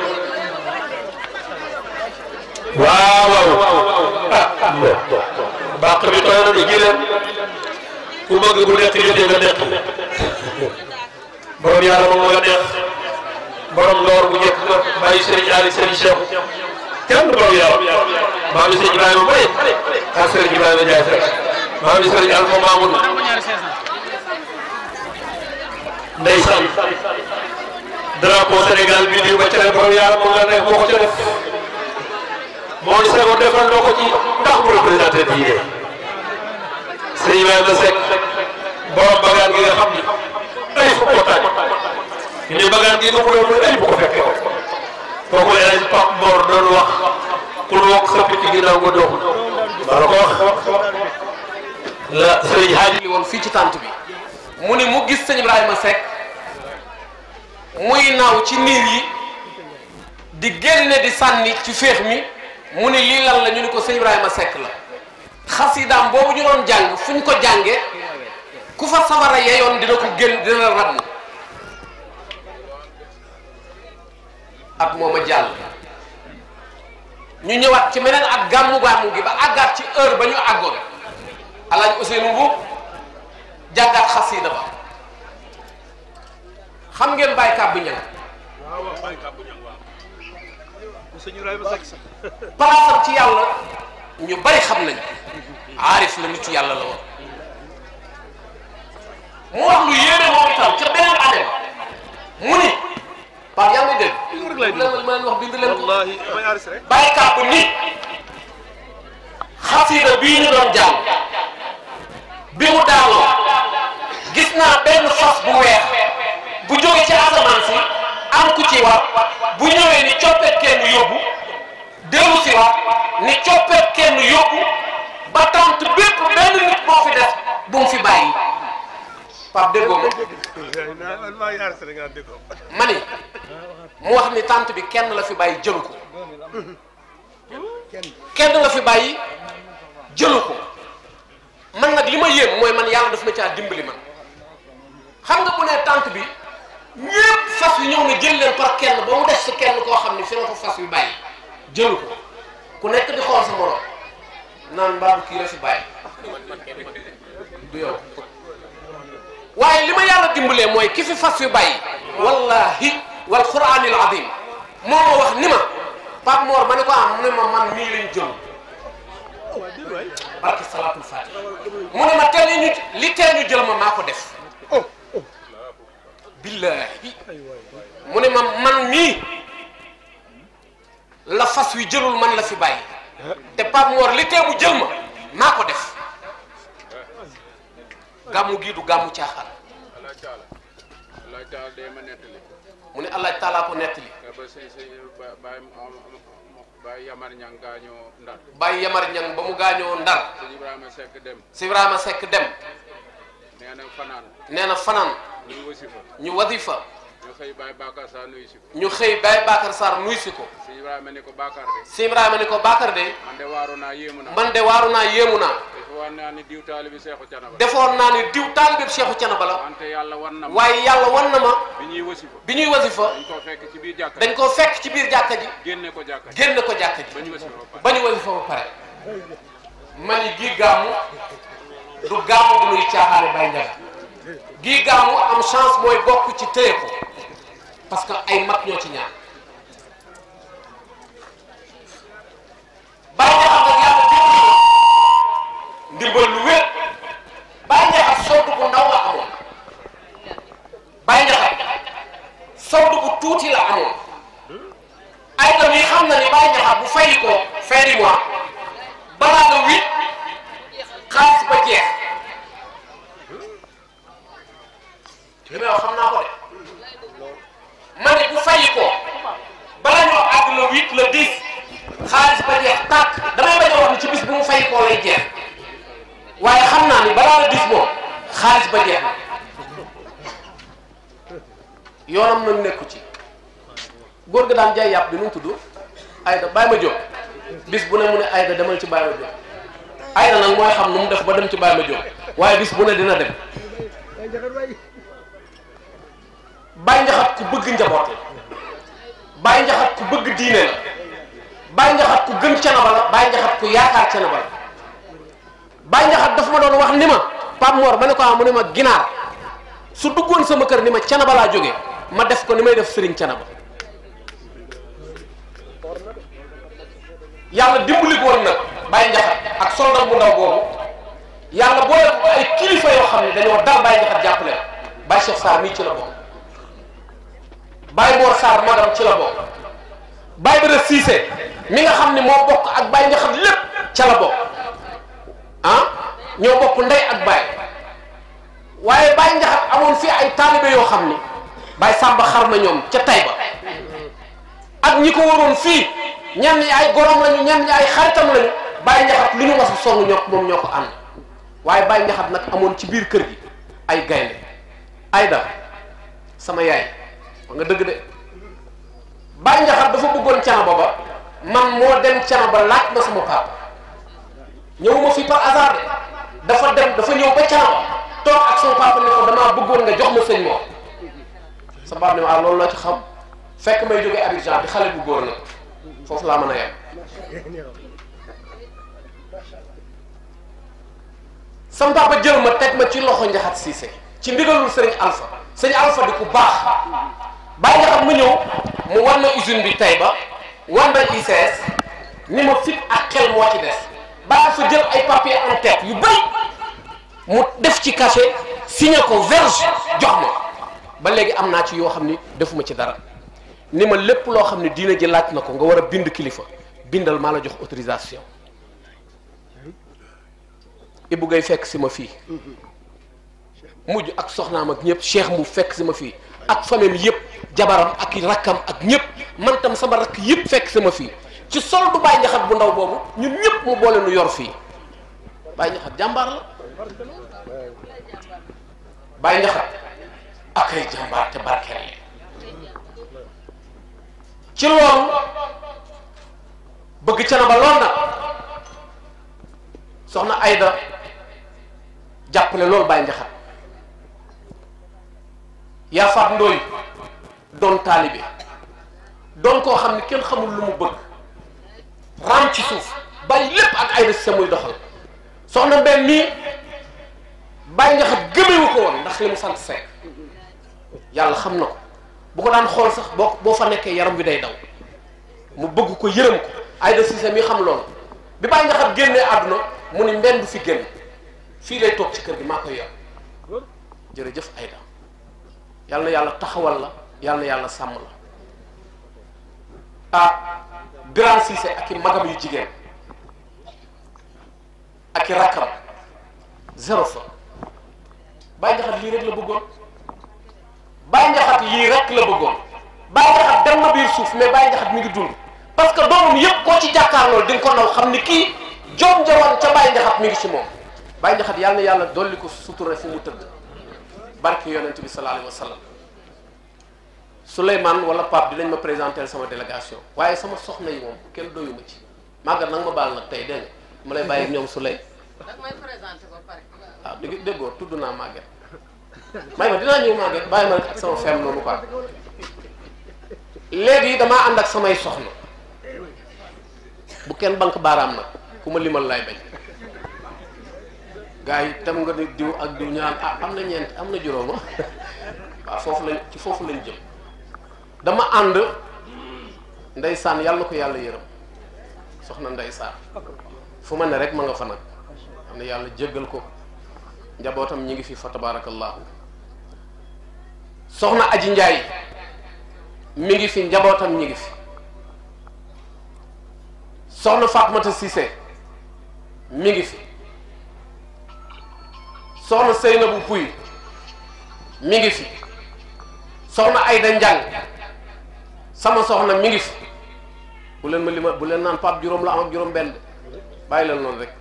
waaw waaw ah bàq bi tooy na di ji leen ku bëgg bu nekk jotee nga nekk borom yàlla moom moo la neex borom loor bu njëkk nga bàyyi sëriñ Ali sëriñ Cheikh kenn borom yàlla maa ngi sëriñ Ibrahima Mbaye ak sëriñ Ibrahima Ndiaye sax maa ngi sëriñ Alpha Mamoun ndeysaan drapeau Sénégal bi diw ba ca borom yàlla moom la neex moo ko ca def. moo ñu Senghor defal noo ko ci ndax mu représenté diine sëñ Ibrahima Seck borom bagaan gi nga xam ni ay fu ko taaj bagaan gi nga xuloo muy ay bu ko fekkee kooku El Hadj Pape Mor doon wax ku nu wokk sa picc ginnaaw nga doxul ma la ko wax la sëñ Haaji li ci tànt bi ne mu gis sëñ Ibrahima Seck muy naaw ci niir yi di génne di sànni ci féex mi mu ni lii lan la ñu ni ko sëñ Ibrahima Seck la xasidaam boobu ñu doon jàng fu ñu ko jàngee ku fa sabara yeyoon dina ko génn dina ràmm at mooma jàll ñu ñëwaat ci meneen at gàmmu gàmmu gi ba àggaat ci heure ba ñu àggoon alaaj Ousseynou bu jàngaat xasida ba xam ngeen bàyyi kàbbu ñan sëñ Ibrahima Seck palaasam ci yàlla ñu bari xam nañ aarif la nitu yàlla la woon mu wax lu yéene moom itam ca beneen adem mu ni Pape yaa ngi dégg. dëgg la ma leen wax bind leen ko. wallaahi bi mu daanoo gis naa benn fas bu weex bu jóge ci si. am ku ci war bu ñëwee ni coppeet kenn yóbbu dellu si waat ni coppeet kenn yóbbu ba tant bépp benn nit boo fi def bu mu fi bàyyi Pape déggoo ma ma ni mu wax ni tànt bi kenn la fi bàyyi jëlu ko kenn la fi bàyyi jëlu ko man nag li ma yéem mooy man yàlla daf ma caa dimbali man xam nga bu ne tant bi ñëpp fas yu ñëw na jël leen par kenn ba mu des si kenn koo xam ne fi la ko fas yu bàyyi jëlu ko ku nekk di xool sa morom naan mbaamu kii la fi bàyyi du yow waaye li ma yàlla dimbalee mooy ki fi fas yu bàyyi wallahi wal quraanil azim moo ma wax ni ma Pape Mor ma ne ko am mu ne ma man mii lañ jëm barke salaatul faatiha mu ne ma teel ñu li teel jël ma maa ko def billaahi mu ne ma man mii la fas wi jëlul man la fi bàyyi te Pape Mor li teemu jël ma maa ko def gàmmu giidu du gàmmu caaxaan mu ne allah taala ko nettali Baye Yamar Ñang gaañoo Yamar Ñang ba mu gaañoo Ndar. si Ibrahima Seck dem. si Ibrahima Seck dem. nee fanaan. nee fanaan. ñu wasifa ñu xëy Baye Bakar Sarr nuyu si ko. ñu xëy Baye Bakar Sarr nuyu si ko. si Ibrahima ni ko Bakar de. si Ibrahima ni ko Bakar de. man de waaru naa yéemu naa. man de waaru naa yéemu naa. defoon naa ni diw taalibi Seexu Canaba. defoon naa ni diw taalibi Seexu Canaba la. wante yàlla wan na ma waaye yàlla wan na ma. bi ñuy wasifa bi ñuy wasifa. dañ koo fekk ci biir jàkka ji koo fekk ci biir jàkka ji. génne ko jàkka ji génne ko jàkka ji. ba ñu wasifa ba pare ba ñu wasifa ba pare. ma ni gii gaamu du gaamu bu ñuy caaxaane Baye Ndiaga gii gaamu am chance mooy bokk ci téye parce que ay mat ñoo ci ñaan bàyyi nga xam ne yàlla ndimbal lu wér bàyyi nga xam sowdu bu ndaw la amoon bàyyi nga xam tuuti la amoon ay yi xam na ni bàyyi nga bu fay ko fin du balaa nga huit xaalis ba jeex li xam naa ko de ma ne bu fay ko bala ñoo àgg le huit le dix xaalis ba jeex tàkk damay bañ ci bis bu mu fay koo lay jeex waaye xam naa ni balaa la dix moom xaalis ba jeex yoonam nag nekku ci góor gi daan jaay yàpp bi nu mu tudd ayda bàyyi ma jóg bis bu ne mu ne ayda demal ci bàyyi ma jóg ayda nag mooy xam nu mu def ba dem ci bàyyi ma jóg waaye bis bu ne dina dem bàyyi njaxat ku bëgg njaboot la bàyyi njaxat ku bëgg diine la bàyyi njaxat ku gëm canaba la bàyyi njaxat ku yaakaar canaba la bàyyi njaxat dafa ma doon wax ni ma Pape Mor ne ko ah, mu ginaar su duggoon sama kër ni ma canaba laa jógee ma def ko ni may def sëriñ canaba yàlla dimbali ko woon nag bàyyi njaxat ak soldat bu ndaw boobu yàlla boole ko ay kilifa yoo xam ne dañoo dal bàyyi njaxat jàppale ko Baye Cheikh Sarr mii ci la bokk Baye Mor Sarr magam ci la bokk Baye Bada Cissé mi nga xam ne moo bokk ak Baye nga xam lépp ca la bokk ah ñoo bokk ndey ak Baye waaye Baye Ndiakhate amoon fii ay taalibe yoo xam ni Baye Samba xar na ñoom ca Taïba ak ñi ko waroon fii ñenn ñi ay gorom lañu ñenn ñi ay xaritam lañu Baye Ndiakhate lu ñu mas a song ñoo moom ñoo ko ànd waaye Baye Ndiakhate nag amoon ci biir kër gi ay gaynde Ayda sama yaay. wax nga dëgg de Baye Ndiakhate dafa bëggoon canaba ba man moo dem canaba laaj ma sama papa ñëwuma fi par hasard de dafa dem dafa ñëw ba canaba toog ak sama papa ne ko damaa bëggoon nga jox ma sëñ moom sa papa ah, loolu la ci xam fekk may jógee Abidjan xale bu góor nag laa mën a yem sama papa jël ma teg ma ci loxo Ndiakhate Cissé ci ndigalul sëriñ Alpha sëriñ Alpha di ku baax bàyyi nga xam mu ñëw mu wan na usine bi tey ba wan na ICS ni ma fit ak xel moo ci des bàyyi fa jël ay papier en tête yu bëri mu def ci cachet signé ko verge jox ma ba léegi am naa ci yoo xam ni defuma ci dara ni ma lépp loo xam ne diina ji na ko nga war a bind kilifa bindal maa la jox autorisation Ibou Gueye fekk si ma fii mm-hmm. mujj ak soxnaa mag ñëpp cheikh mu fekk si ma fii ak famille yëpp jabaram ak i rakkam ak ñépp man tam sama rakk yëpp fekk sama fii ci sol bu bàyyi njaxat bu ndaw boobu ñun ñëpp mu boole nu yor fii bàyyi njaxat jàmbaar la bàyyi njaxat ak ay jàmbaar te barkeel ci loolu bëgg ca na lool nag soxna Ayda jàppale loolu bàyyi njaxat yaa faat ndooy doon taalibe doon koo xam ne kenn xamul lu mu bëgg raam ci suuf bàyyi lépp ak ay rëcc muy doxal soxna mbenn nii bàyyi nga xam gëmewu ko woon ndax li mu sant sekk yàlla xam na ko bu ko daan xool sax boo boo fa nekkee yaram bi day daw mu bëgg ko yërëm ko ay de système yi xam loolu bi bàyyi nga xam génnee àdduna mu ni mbenn du fi génn fii lay toog ci kër gi maa koy yor jërëjëf Ayda yàlla yàlla taxawal la yàlla yàlla sàmm la ah Grand Cissé ak i magam yu jigéen ak i rakkam zéro fa bàyyi njaxat lii rek la bëggoon bàyyi njaxat yii rek la bëggoon bàyyi njaxat dem na biir suuf mais bàyyi njaxat mu ngi dund parce que doom yëpp koo ci jàkkaarlool di nga ko naw xam ni kii joom jawan ca bàyyi njaxat mi ngi ci moom bàyyi njaxat yàlla na yàlla dolli ko sutura fi mu tëdd barke yonent bi sallallahu alayhi wa sallam Souleymane wala Pape dinañ ma présenter sama délégation waaye sama soxna yi moom kenn doyuma ci màggat nag ma baal nag tey dégg ma lay bàyyi ñoom Souley. da may ah, déggoo tudd naa màggat may ma dinaa ñëw màggat bàyyi ma ak sama femme noonu quoi léegi damaa ànd ak samay soxna bu kenn bank baaraam nag ku ma limal laay bañ. gars yi tam nga ne diw ak diw ñaan a ah, am na ñeent am na juróoma waaw foofu lañu ci foofu lañ jëm dama ànd ndeysaan yàlla ko yàlla yërëm soxna ndeysaan fu ma ne rek ma nga fa nag xam ne yàlla jéggal ko njabootam ñu ngi fi fa tabaarakallaahu soxna aji njaay mi ngi fi njabootam ñi ngi fi soxna Fatmata Cissé mi ngi fi soxna na Seynabu Puy mi ngi fi soxna Ayda Njàng sama soxna mi ngi fi bu leen ma lima bu leen naan pap juróom la am ak juróom benn bàyyi leen noonu rek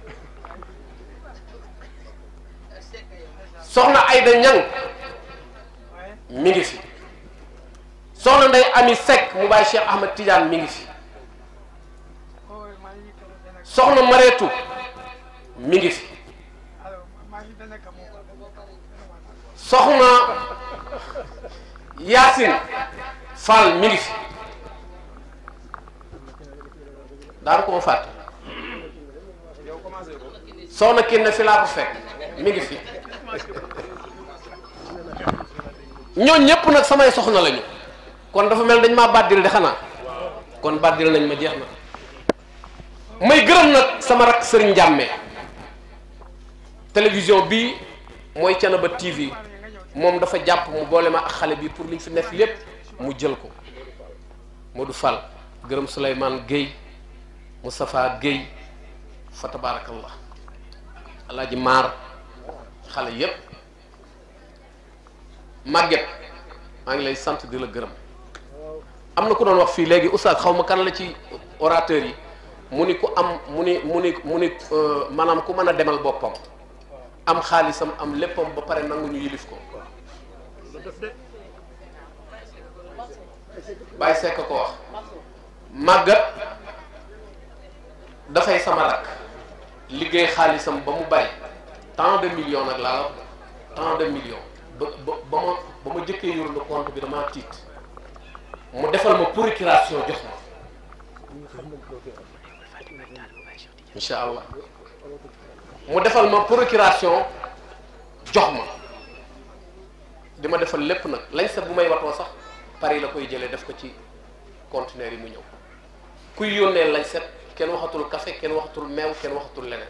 soxna Ayda Njàng mi ngi fi soxna Ndey Ami Seck mu bàyyi Cheikh Ahmed Tidiane mi ngi fi soxna Mareetu mi ngi fi soxna Yacine Fall mi ngi fi daanu ko ma fàtte soxna Kine fi laa ko fekk mi ngi fi ñooñ ñëpp nag samay soxna lañu kon dafa mel dañ ma bàddil de xanaa kon bàddil nañ ma jeex na may gërëm nag sama rak sëriñ Njàmme télévision bii mooy Thiénaba TV moom dafa jàpp mu boole ma ak xale bi pour liñ fi nekk lépp mu jël ko Modou Fall gërëm Souleymane Guèye Moustapha Guèye fa tabarakallah alaaji maar xale yépp màgget maa ngi lay sant di la gërëm am na ku doon wax fii léegi oustaz xaw ma kan la ci orateur yi mu ni ku am mu ni mu ni mu ni euh, maanaam ku mën a demal boppam am xaalisam am léppam ba pare nangu ñu yilif ko def de ko wax màggat dafay sama rakk liggéey xaalisam ba mu bari tant de millions nag laa wax tant de millions ba ba ba ma ba ma jëkkee yurundu compte bi damaa tiit mu defal ma procuration jox ma incha allah mu defal ma procuration jox ma di ma defal lépp nag lañ sa bu may watoo sax Paris la koy jëlee def ko ci conteneur yi mu ñëw kuy yónnee lañ set kenn waxatul kafe kenn waxatul meew kenn waxatul leneen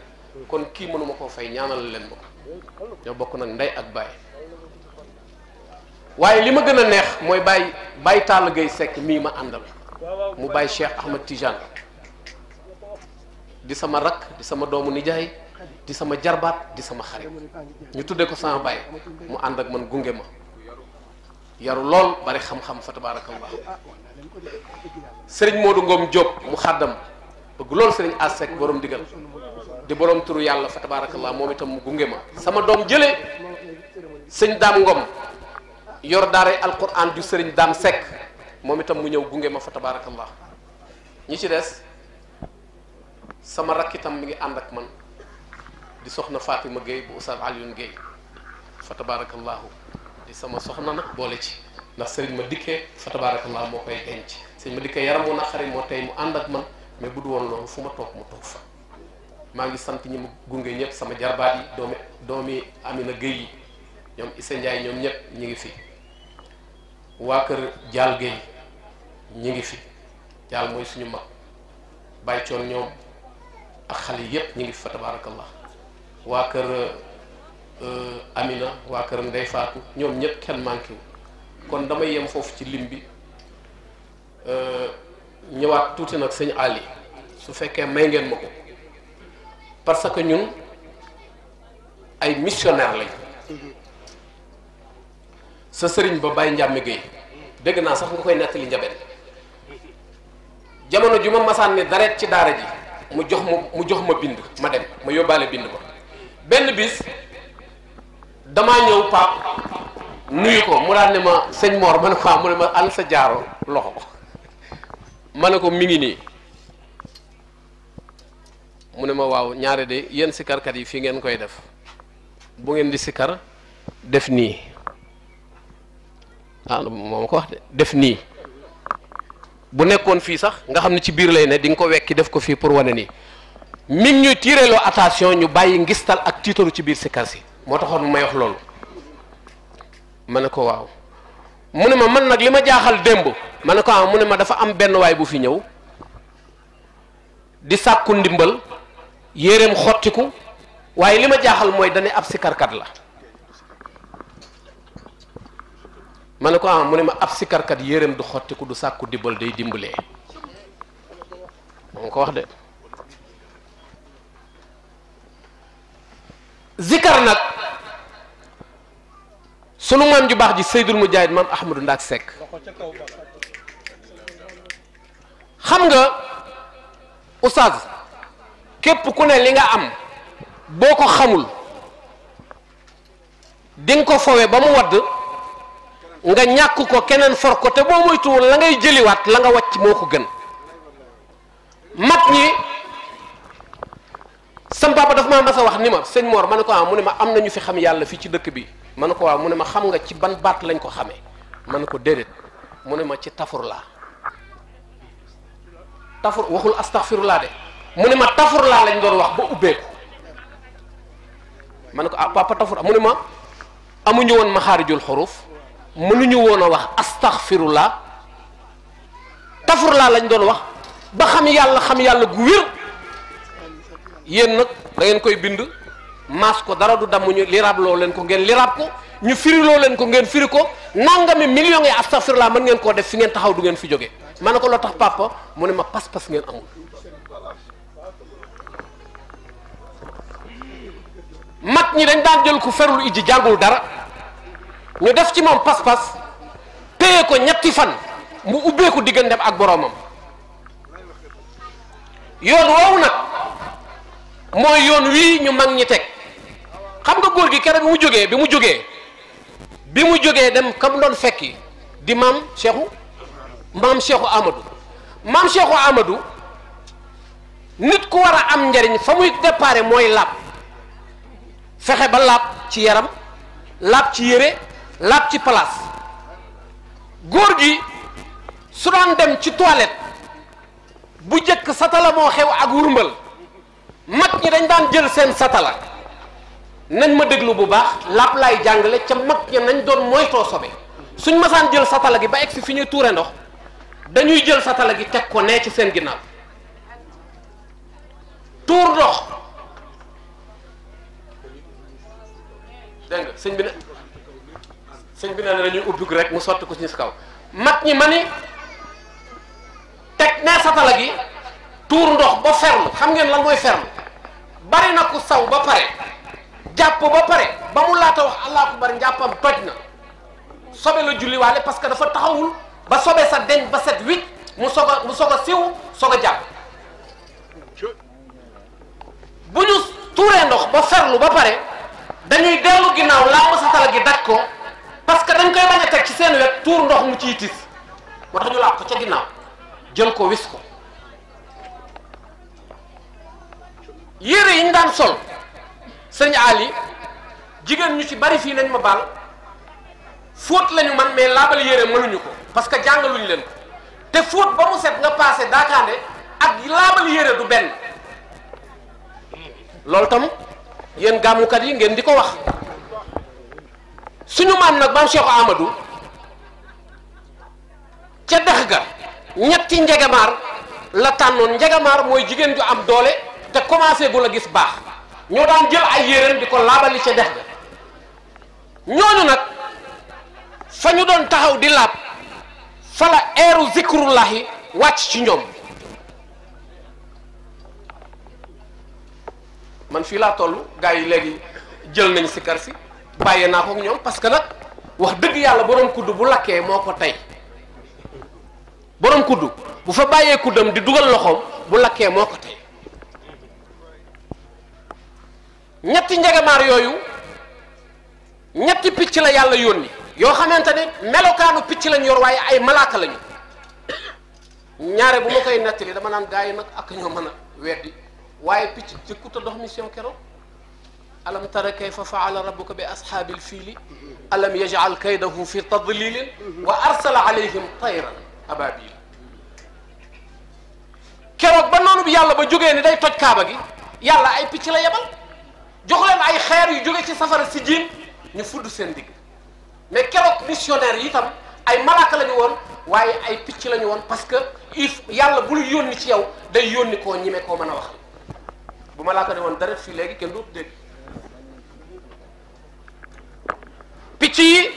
kon kii mënuma koo fay ñaanal leen ma ko ñoo bokk nag ndey ak baay waaye li ma gën a neex mooy bàyyi bàyyi Talla gay sekk mii ma àndal mu bàyyi Cheikh Ahmed Tidiane di sama rakk di sama doomu nijaay di sama jarbaat di sama xarit ñu tuddee ko sama baay mu ànd ak man gunge ma yaru lool bari xam-xam fa tabaarakallah sëriñ Modou Ngom Diop mu xàddam bëgg lool sëriñ Assec borom digal di borom turu yàlla fa tabaarakallah moom itam mu gunge ma sama doom jëlee sëñ Daam Ngom yor daare sëriñ Daam Seck moom itam mu ñëw gunge ma fa tabaarakallah ñi ci des sama rakk itam mi ngi ànd ak man di soxna Fatima Gueye bu Oustaz Alioune Gueye fa tabaarakallahu di sama soxna nag boole ci ndax sëriñ ma dikkee fa tabaarakallaa moo koy denc sëriñ ma dikkee yaram wu naqari moo tey mu ànd ak man mais bu du woon loolu fu ma toog mu toog fa maa ngi sant ñi mu gunge ñëpp sama jarbaat yi doomi doomi Amina Gueye yi ñoom Issa Ndiaye ñoom ñëpp ñi ngi fi waa kër Dial Gueye ñi ngi fi Dial mooy suñu mag bàyyi coon ñoom ak xale yépp ñi ngi fi fa tabaarakallaa waa kër Euh, Amina waa këram Ndey Faatu ñoom ñëpp kenn manqué kon damay yem foofu ci lim bi euh, ñëwaat tuuti nag sëñ Ali su fekkee may ngeen ma ko parce que ñun ay missionnaire lañ sa sëriñ ba Baye Ndiame Guèye dégg naa sax nga koy nettali njabeen jamono ju ma masaan ne dareet ci daara ji mu jox ma mu jox ma bind ma dem ma yóbbaale bind ma benn bis. damaa ñëw pap nuyu ko mu daal ne ma sëñ Mor ma ne ko mu ne ma al sa jaaro loxo ma ne ko mi ngi nii mu ne ma waaw ñaare de yéen sikarkat yi fii ngeen koy def bu ngeen di sikar def nii ah moom ko wax de def nii bu nekkoon fii sax nga xam ne ci biir lay ne di nga ko wekki def ko fii pour wane nii mi ngi ñuy tiireloo attention ñu bàyyi ngistal ak tiitaru ci biir sikar si moo taxoon may wax loolu ma ne ko waaw mu ne ma mën nag li ma jaaxal démb ma ne ko ah mu ne ma dafa am benn waay bu fi ñëw di sàkku ndimbal yéreem xottiku waaye li ma jaaxal mooy dane ab sikarkat la ma ne ko ah mu ne ma ab sikarkat yéreem du xottiku du sàkku dimbal day dimbalee moo ko wax de zikar nag sunu maam ju baax ji Seydul Mujaahid maam Ahmadou Ndaak Seck xam nga oustaz képp ku ne li nga am boo ko xamul di ko fowe ba mu wadd nga ñàkk ko keneen for ko te boo moytuwul la ngay jëliwaat la nga wàcc moo ko gën mat ñi sam papa daf maa mas wax ni ma sëñ Mor ma ne ko ah mu ne ma am nañu fi xam yàlla fii ci dëkk bi ma ne ko waaw ah, mu ne ma xam nga ci ban baat lañ ko xamee man na ko déedéet mu ne ma ci tafurlaa tafur waxul astaghfirullah de mu ne ma tafurlaa lañ doon wax ba ubbeeku ne ko ah papa mu ne ma amuñu woon maxaarijul xuruf mënuñu woon a wax astaghfirullah tafurlaa lañ doon wax ba xam yàlla xam yàlla gu wér. yéen nag da ngeen koy bind maas ko dara du damm ñu lirabloo leen ko ngeen lirab ko ñu firiloo leen ko ngeen firi ko nangami millions yi astafirlaa mën ngeen koo def fi ngeen taxaw du ngeen fi jógee ma ne ko loo tax papa mu ne ma pas-pas ngeen amul mag ñi dañ daan jël ku ferul ijji jàngul dara ñu def ci moom pas-pas téye ko ñetti fan mu ubbeeku digganteem ak boroomam yoon woowu nag mooy yoon wii ñu mag ñi teg xam nga góor gi keroog bi mu jógee bi mu jógee bi mu jógee dem kam doon fekki di maam Cheikhou maam Cheikhou Amadou maam Cheikhou amadu nit ku war a am njariñ fa muy déparé mooy làpp fexe ba làpp ci yaram làpp ci yére làpp ci place góor gi su daan dem ci toilette bu jëkk satala moo xew ak wurmbal mag ñi dañ daan jël seen satala nañ ma déglu bu baax laab lay jàngale ca mag ña nañ doon moytoo sobe suñ masaan jël satala gi ba egg si fi ñuy tuure ndox dañuy jël satala gi teg ko nee ci seen ginnaaw tuur ndox dégg bi ne sëñ bi ne ne dañuy ubbi rek mu sotti ko suñu si kaw mag ñi ma ni teg nee satala gi tuur ndox ba ferme xam ngeen lan mooy ferme bari na ku saw ba pare jàpp ba pare ba mu laata wax allah ku bari njàppam toj na sobe la julliwaale parce que dafa taxawul ba sobe sa deñ ba set wicc mu soog mu sog a siw soog a jàpp bu ñu tuuree ndox ba ferlu ba pare dañuy dellu ginnaaw laa sa tala gi daj ko parce que dañ koy bañ a teg ci seen wet tuur ndox mu ciy tis moo tax ñu làq ko ca ginnaaw jël ko wis ko yére yi ñu daan sol sëñ Ali jigéen ñu ci bari fii nañ ma baal fóot lañu man mais laabal yére mënuñu ko parce que jàngaluñu leen ko te fóot ba mu set nga paase daakaande ak laabal yére du benn loolu tam yéen gàmmukat yi ngeen di ko wax suñu maam nag maam Cheikh Amadou ca dex ga ñetti njegamaar la tànnoon njegamaar mooy jigéen ju am doole te commencé gu la gis baax ñoo daan jël ay yéreem di ko laabali ca dex ga ñooñu nag fa ñu doon taxaw di laab fa la eeru zikrullahi wàcc ci ñoom man fii laa toll gaa yi léegi jël nañ si kar si bàyyee naa ko ñoom parce que nag wax dëgg yàlla borom kudd bu lakkee moo ko tey borom kudd bu fa bàyyee kuddam di dugal loxoom bu lakkee moo ko tey ñetti njegamaar yooyu ñetti picc la yàlla yónni yoo xamante ne melokaanu picc lañ yor ay malaaka lañu ñaare bu ma koy nettali dama naan gars yi nag ak ñoo mën a weddi waaye picc jëkkut a dox mission keroog alam tara kayfa faala rabbuka bi ashaabil fiili alam yajal kaydahum fi tadlilin wa arsala ba noonu bi yàlla ba ni day toj kaaba gi yàlla ay picc la yebal jox leen ay xeer yu jóge ci safara si jiin ñu fudd seen digg mais keroog missionnaire yi itam ay malaaka la woon waaye ay picc lañu woon parce que if yàlla bul yónni ci yow day yónni koo ñime koo mën a wax bu malaaka ne woon dara fii léegi kenn dootu dégg picc yi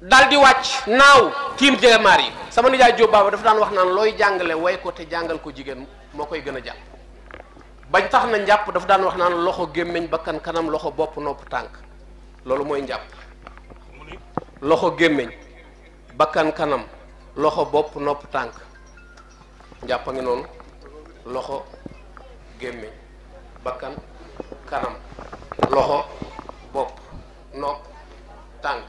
daal di wàcc naaw tiim jegamaar yi sama nijaay Jóob Baaba dafa daan wax naan looy jàngale way ko te jàngal ko jigéen moo koy gën a jàpp bañ tax na njàpp dafa daan wax naan loxo gémmiñ bakkan kanam loxo bopp nopp tànk loolu mooy njàpp loxo gémmiñ bakkan kanam loxo bopp nopp tànk njàpp a ngi noonu loxo gémmiñ bakkan kanam loxo bopp nopp tànk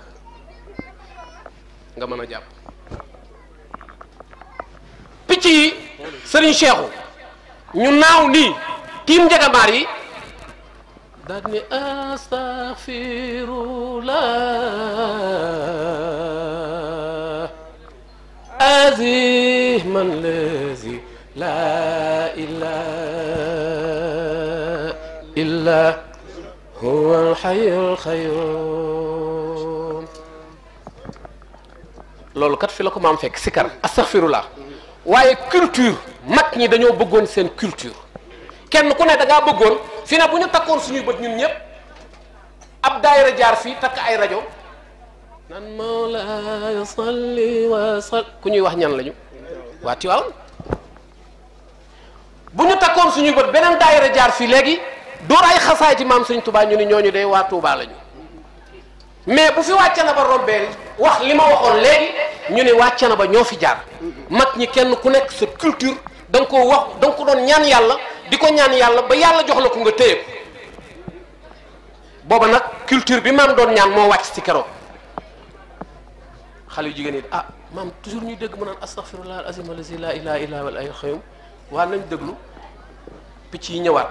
nga mën a jàpp picc yi sëriñ Seexu ñu naaw nii tiim njëgamaar yi daal ne astaghfirullah azim allazi la ilaha illa huwa alhayyul qayyum loolu kat fi la ko maam fekk sikar astaghfirullah waaye culture mag ñi dañoo bëggoon seen culture kenn ku nekk da bëggoon fi ne bu ñu takkoon suñuy bët ñun ñëpp ab daayira jaar fii takk ay rajo ku ñuy wax ñan lañu waa Tiwaawan bu ñu takkoon suñuy bët beneen daayira jaar fii léegi dóor ay xasaay ci maam suñ Touba ñu ni ñu day waa Touba lañu mais bu fi wàcce na ba rombeel wax li ma waxoon léegi ñu ne wàcce na ba ñoo fi jaar mag ñi kenn ku nekk sa culture da nga ko wax da ko doon ñaan yàlla di ko ñaan yàlla ba yàlla jox la ko nga téye ko booba nag culture bi maam doon ñaan moo wàcc ci keroog xale yu jigéen yi ah maam toujours ñuy dégg mu naan astaghfirullah al azim allazi la ilaha ay xëyum waa nañ déglu picc yi ñëwaat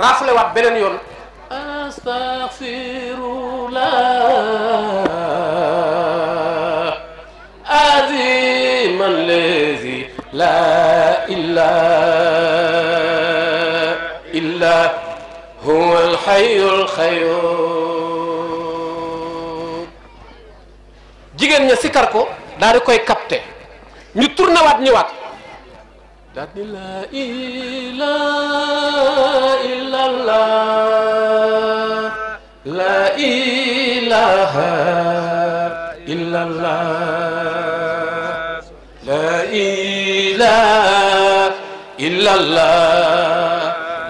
raafalewaat beneen yoon astaghfirullah لا إله إلا هو الحي القيوم jigéen ña sikkar ko daal di koy capté ñu tourné waat ñëwaat daal di la ilaha illallah la ilaha إله إلا الله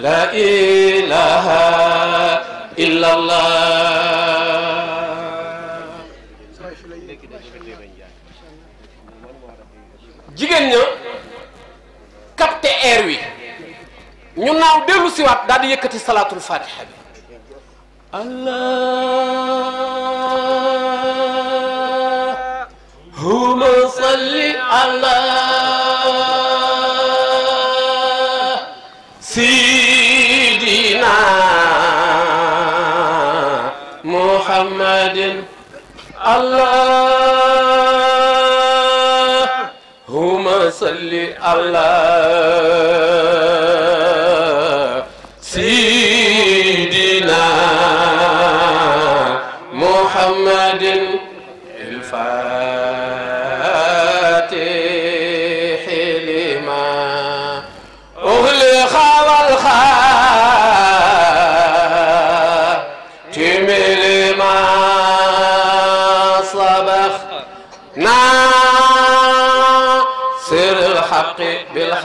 لا إله إلا الله jigéen ña capté ñu naaw dellu siwaat daal di yëkkati salaatul fatiha bi allahumma salli محمد اللهم صل على سيدنا محمد الفاتح لما أغلق والخاتم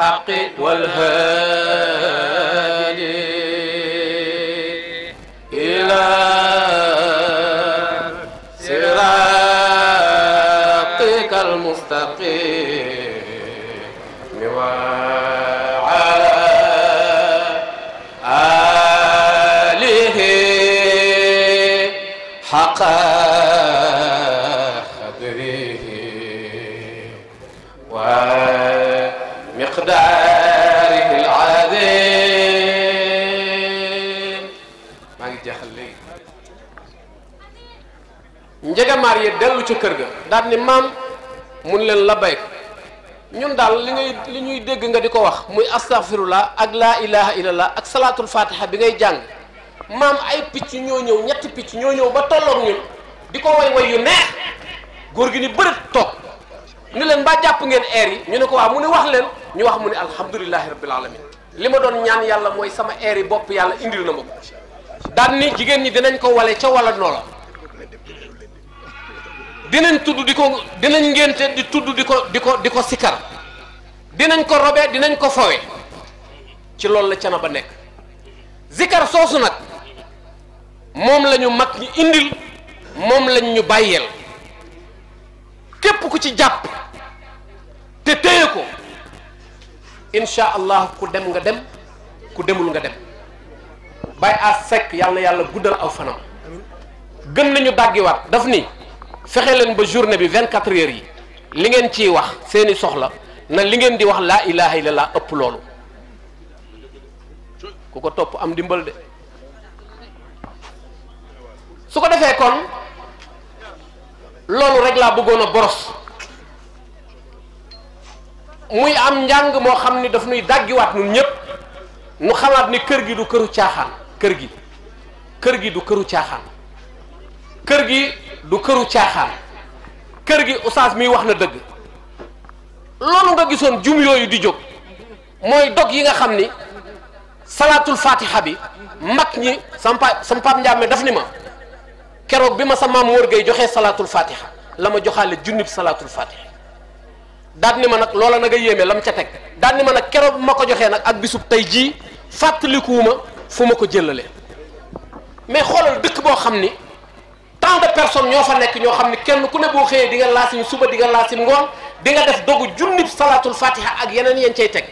الحق والهادي إلى صراطك المستقيم ca kër ga daal ni maam mun leen la bay ñun daal li ngay li ñuy dégg nga di ko wax muy astaghfirullah ak laa ilaha illallah ak salaatul fatiha bi ngay jàng maam ay picc ñoo ñëw ñetti picc ñoo ñëw ba tolloog ñun di ko way way yu neex góor gi ni bërët toog ni leen mbaa jàpp ngeen air yi ñu ne ko waa mu ne wax leen ñu wax mu ne alhamdulilahi rabbil alamin li ma doon ñaan yàlla mooy sama air yi bopp yàlla indil na ma ko daan ni jigéen ñi dinañ ko wale ca dinañ tudd di ko dinañ ngénte di tudd di ko di ko di ko sikkar dinañ ko robe dinañ ko fowe ci loolu la cana ba nekk zikkar soosu nag moom lañu mag ñu indil moom lañ ñu bàyyeel képp ku ci jàpp te téye ko incha allah ku dem nga dem ku demul nga dem bàyyi a sekk yàlla yàlla guddal aw fanam gën nañu dàggiwaat daf ni fexe leen ba journée bi quatre heures yi li ngeen ciy wax seeni soxla na li ngeen di wax laa ilaha laa ëpp loolu ku ko topp am dimbal de su ko defee kon loolu rek laa bëggoon boros muy am njàng moo xam ni daf nuy dàggiwaat ñun ñëpp nu xamaat ni kër gi du këru caaxaan kër gi kër gi du këru caaxaan kër gi du këru caaxaan kër gi oustaz mi wax na dëgg loolu nga gisoon jum yooyu di jóg mooy dog yi nga xam ni salaatul fatiha bi mag ñi sama pa sama pap Ndiame daf ni ma keroog bi ma sa maam wër gay joxe salaatul fatiha la ma joxaale junnib salaatul fatiha daal ni ma nag loola nag a yéeme la lam ca teg daal ni ma nag keroog bu ma ko joxee nag ak bisub tey jii fàttalikuwuma fu ma ko jëlalee mais xoolal dëkk boo xam ni. tant de personnes ñoo fa nekk ñoo xam ne kenn ku ne boo xëyee di nga laasim suba di nga laasim ngoon di nga def dogu junnib salaatul fatiha ak yeneen yeen cay teg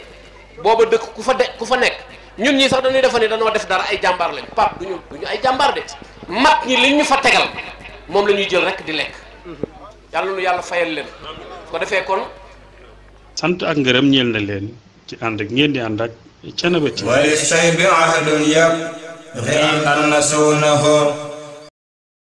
booba dëkk ku fa de ku fa nekk ñun ñii sax dañuy defa ne dañoo def dara ay jàmbaar lañ pap duñu duñu ay jàmbaar de mag ñi li ñu fa tegal moom la ñuy jël rek di lekk yàlla nu yàlla fayal leen ko defee kon sant ak ngërëm ñeel na leen ci ànd ak ngeen di ànd ak Thiénaba TV wali say bi ahadun yàpp xiran annasuunahu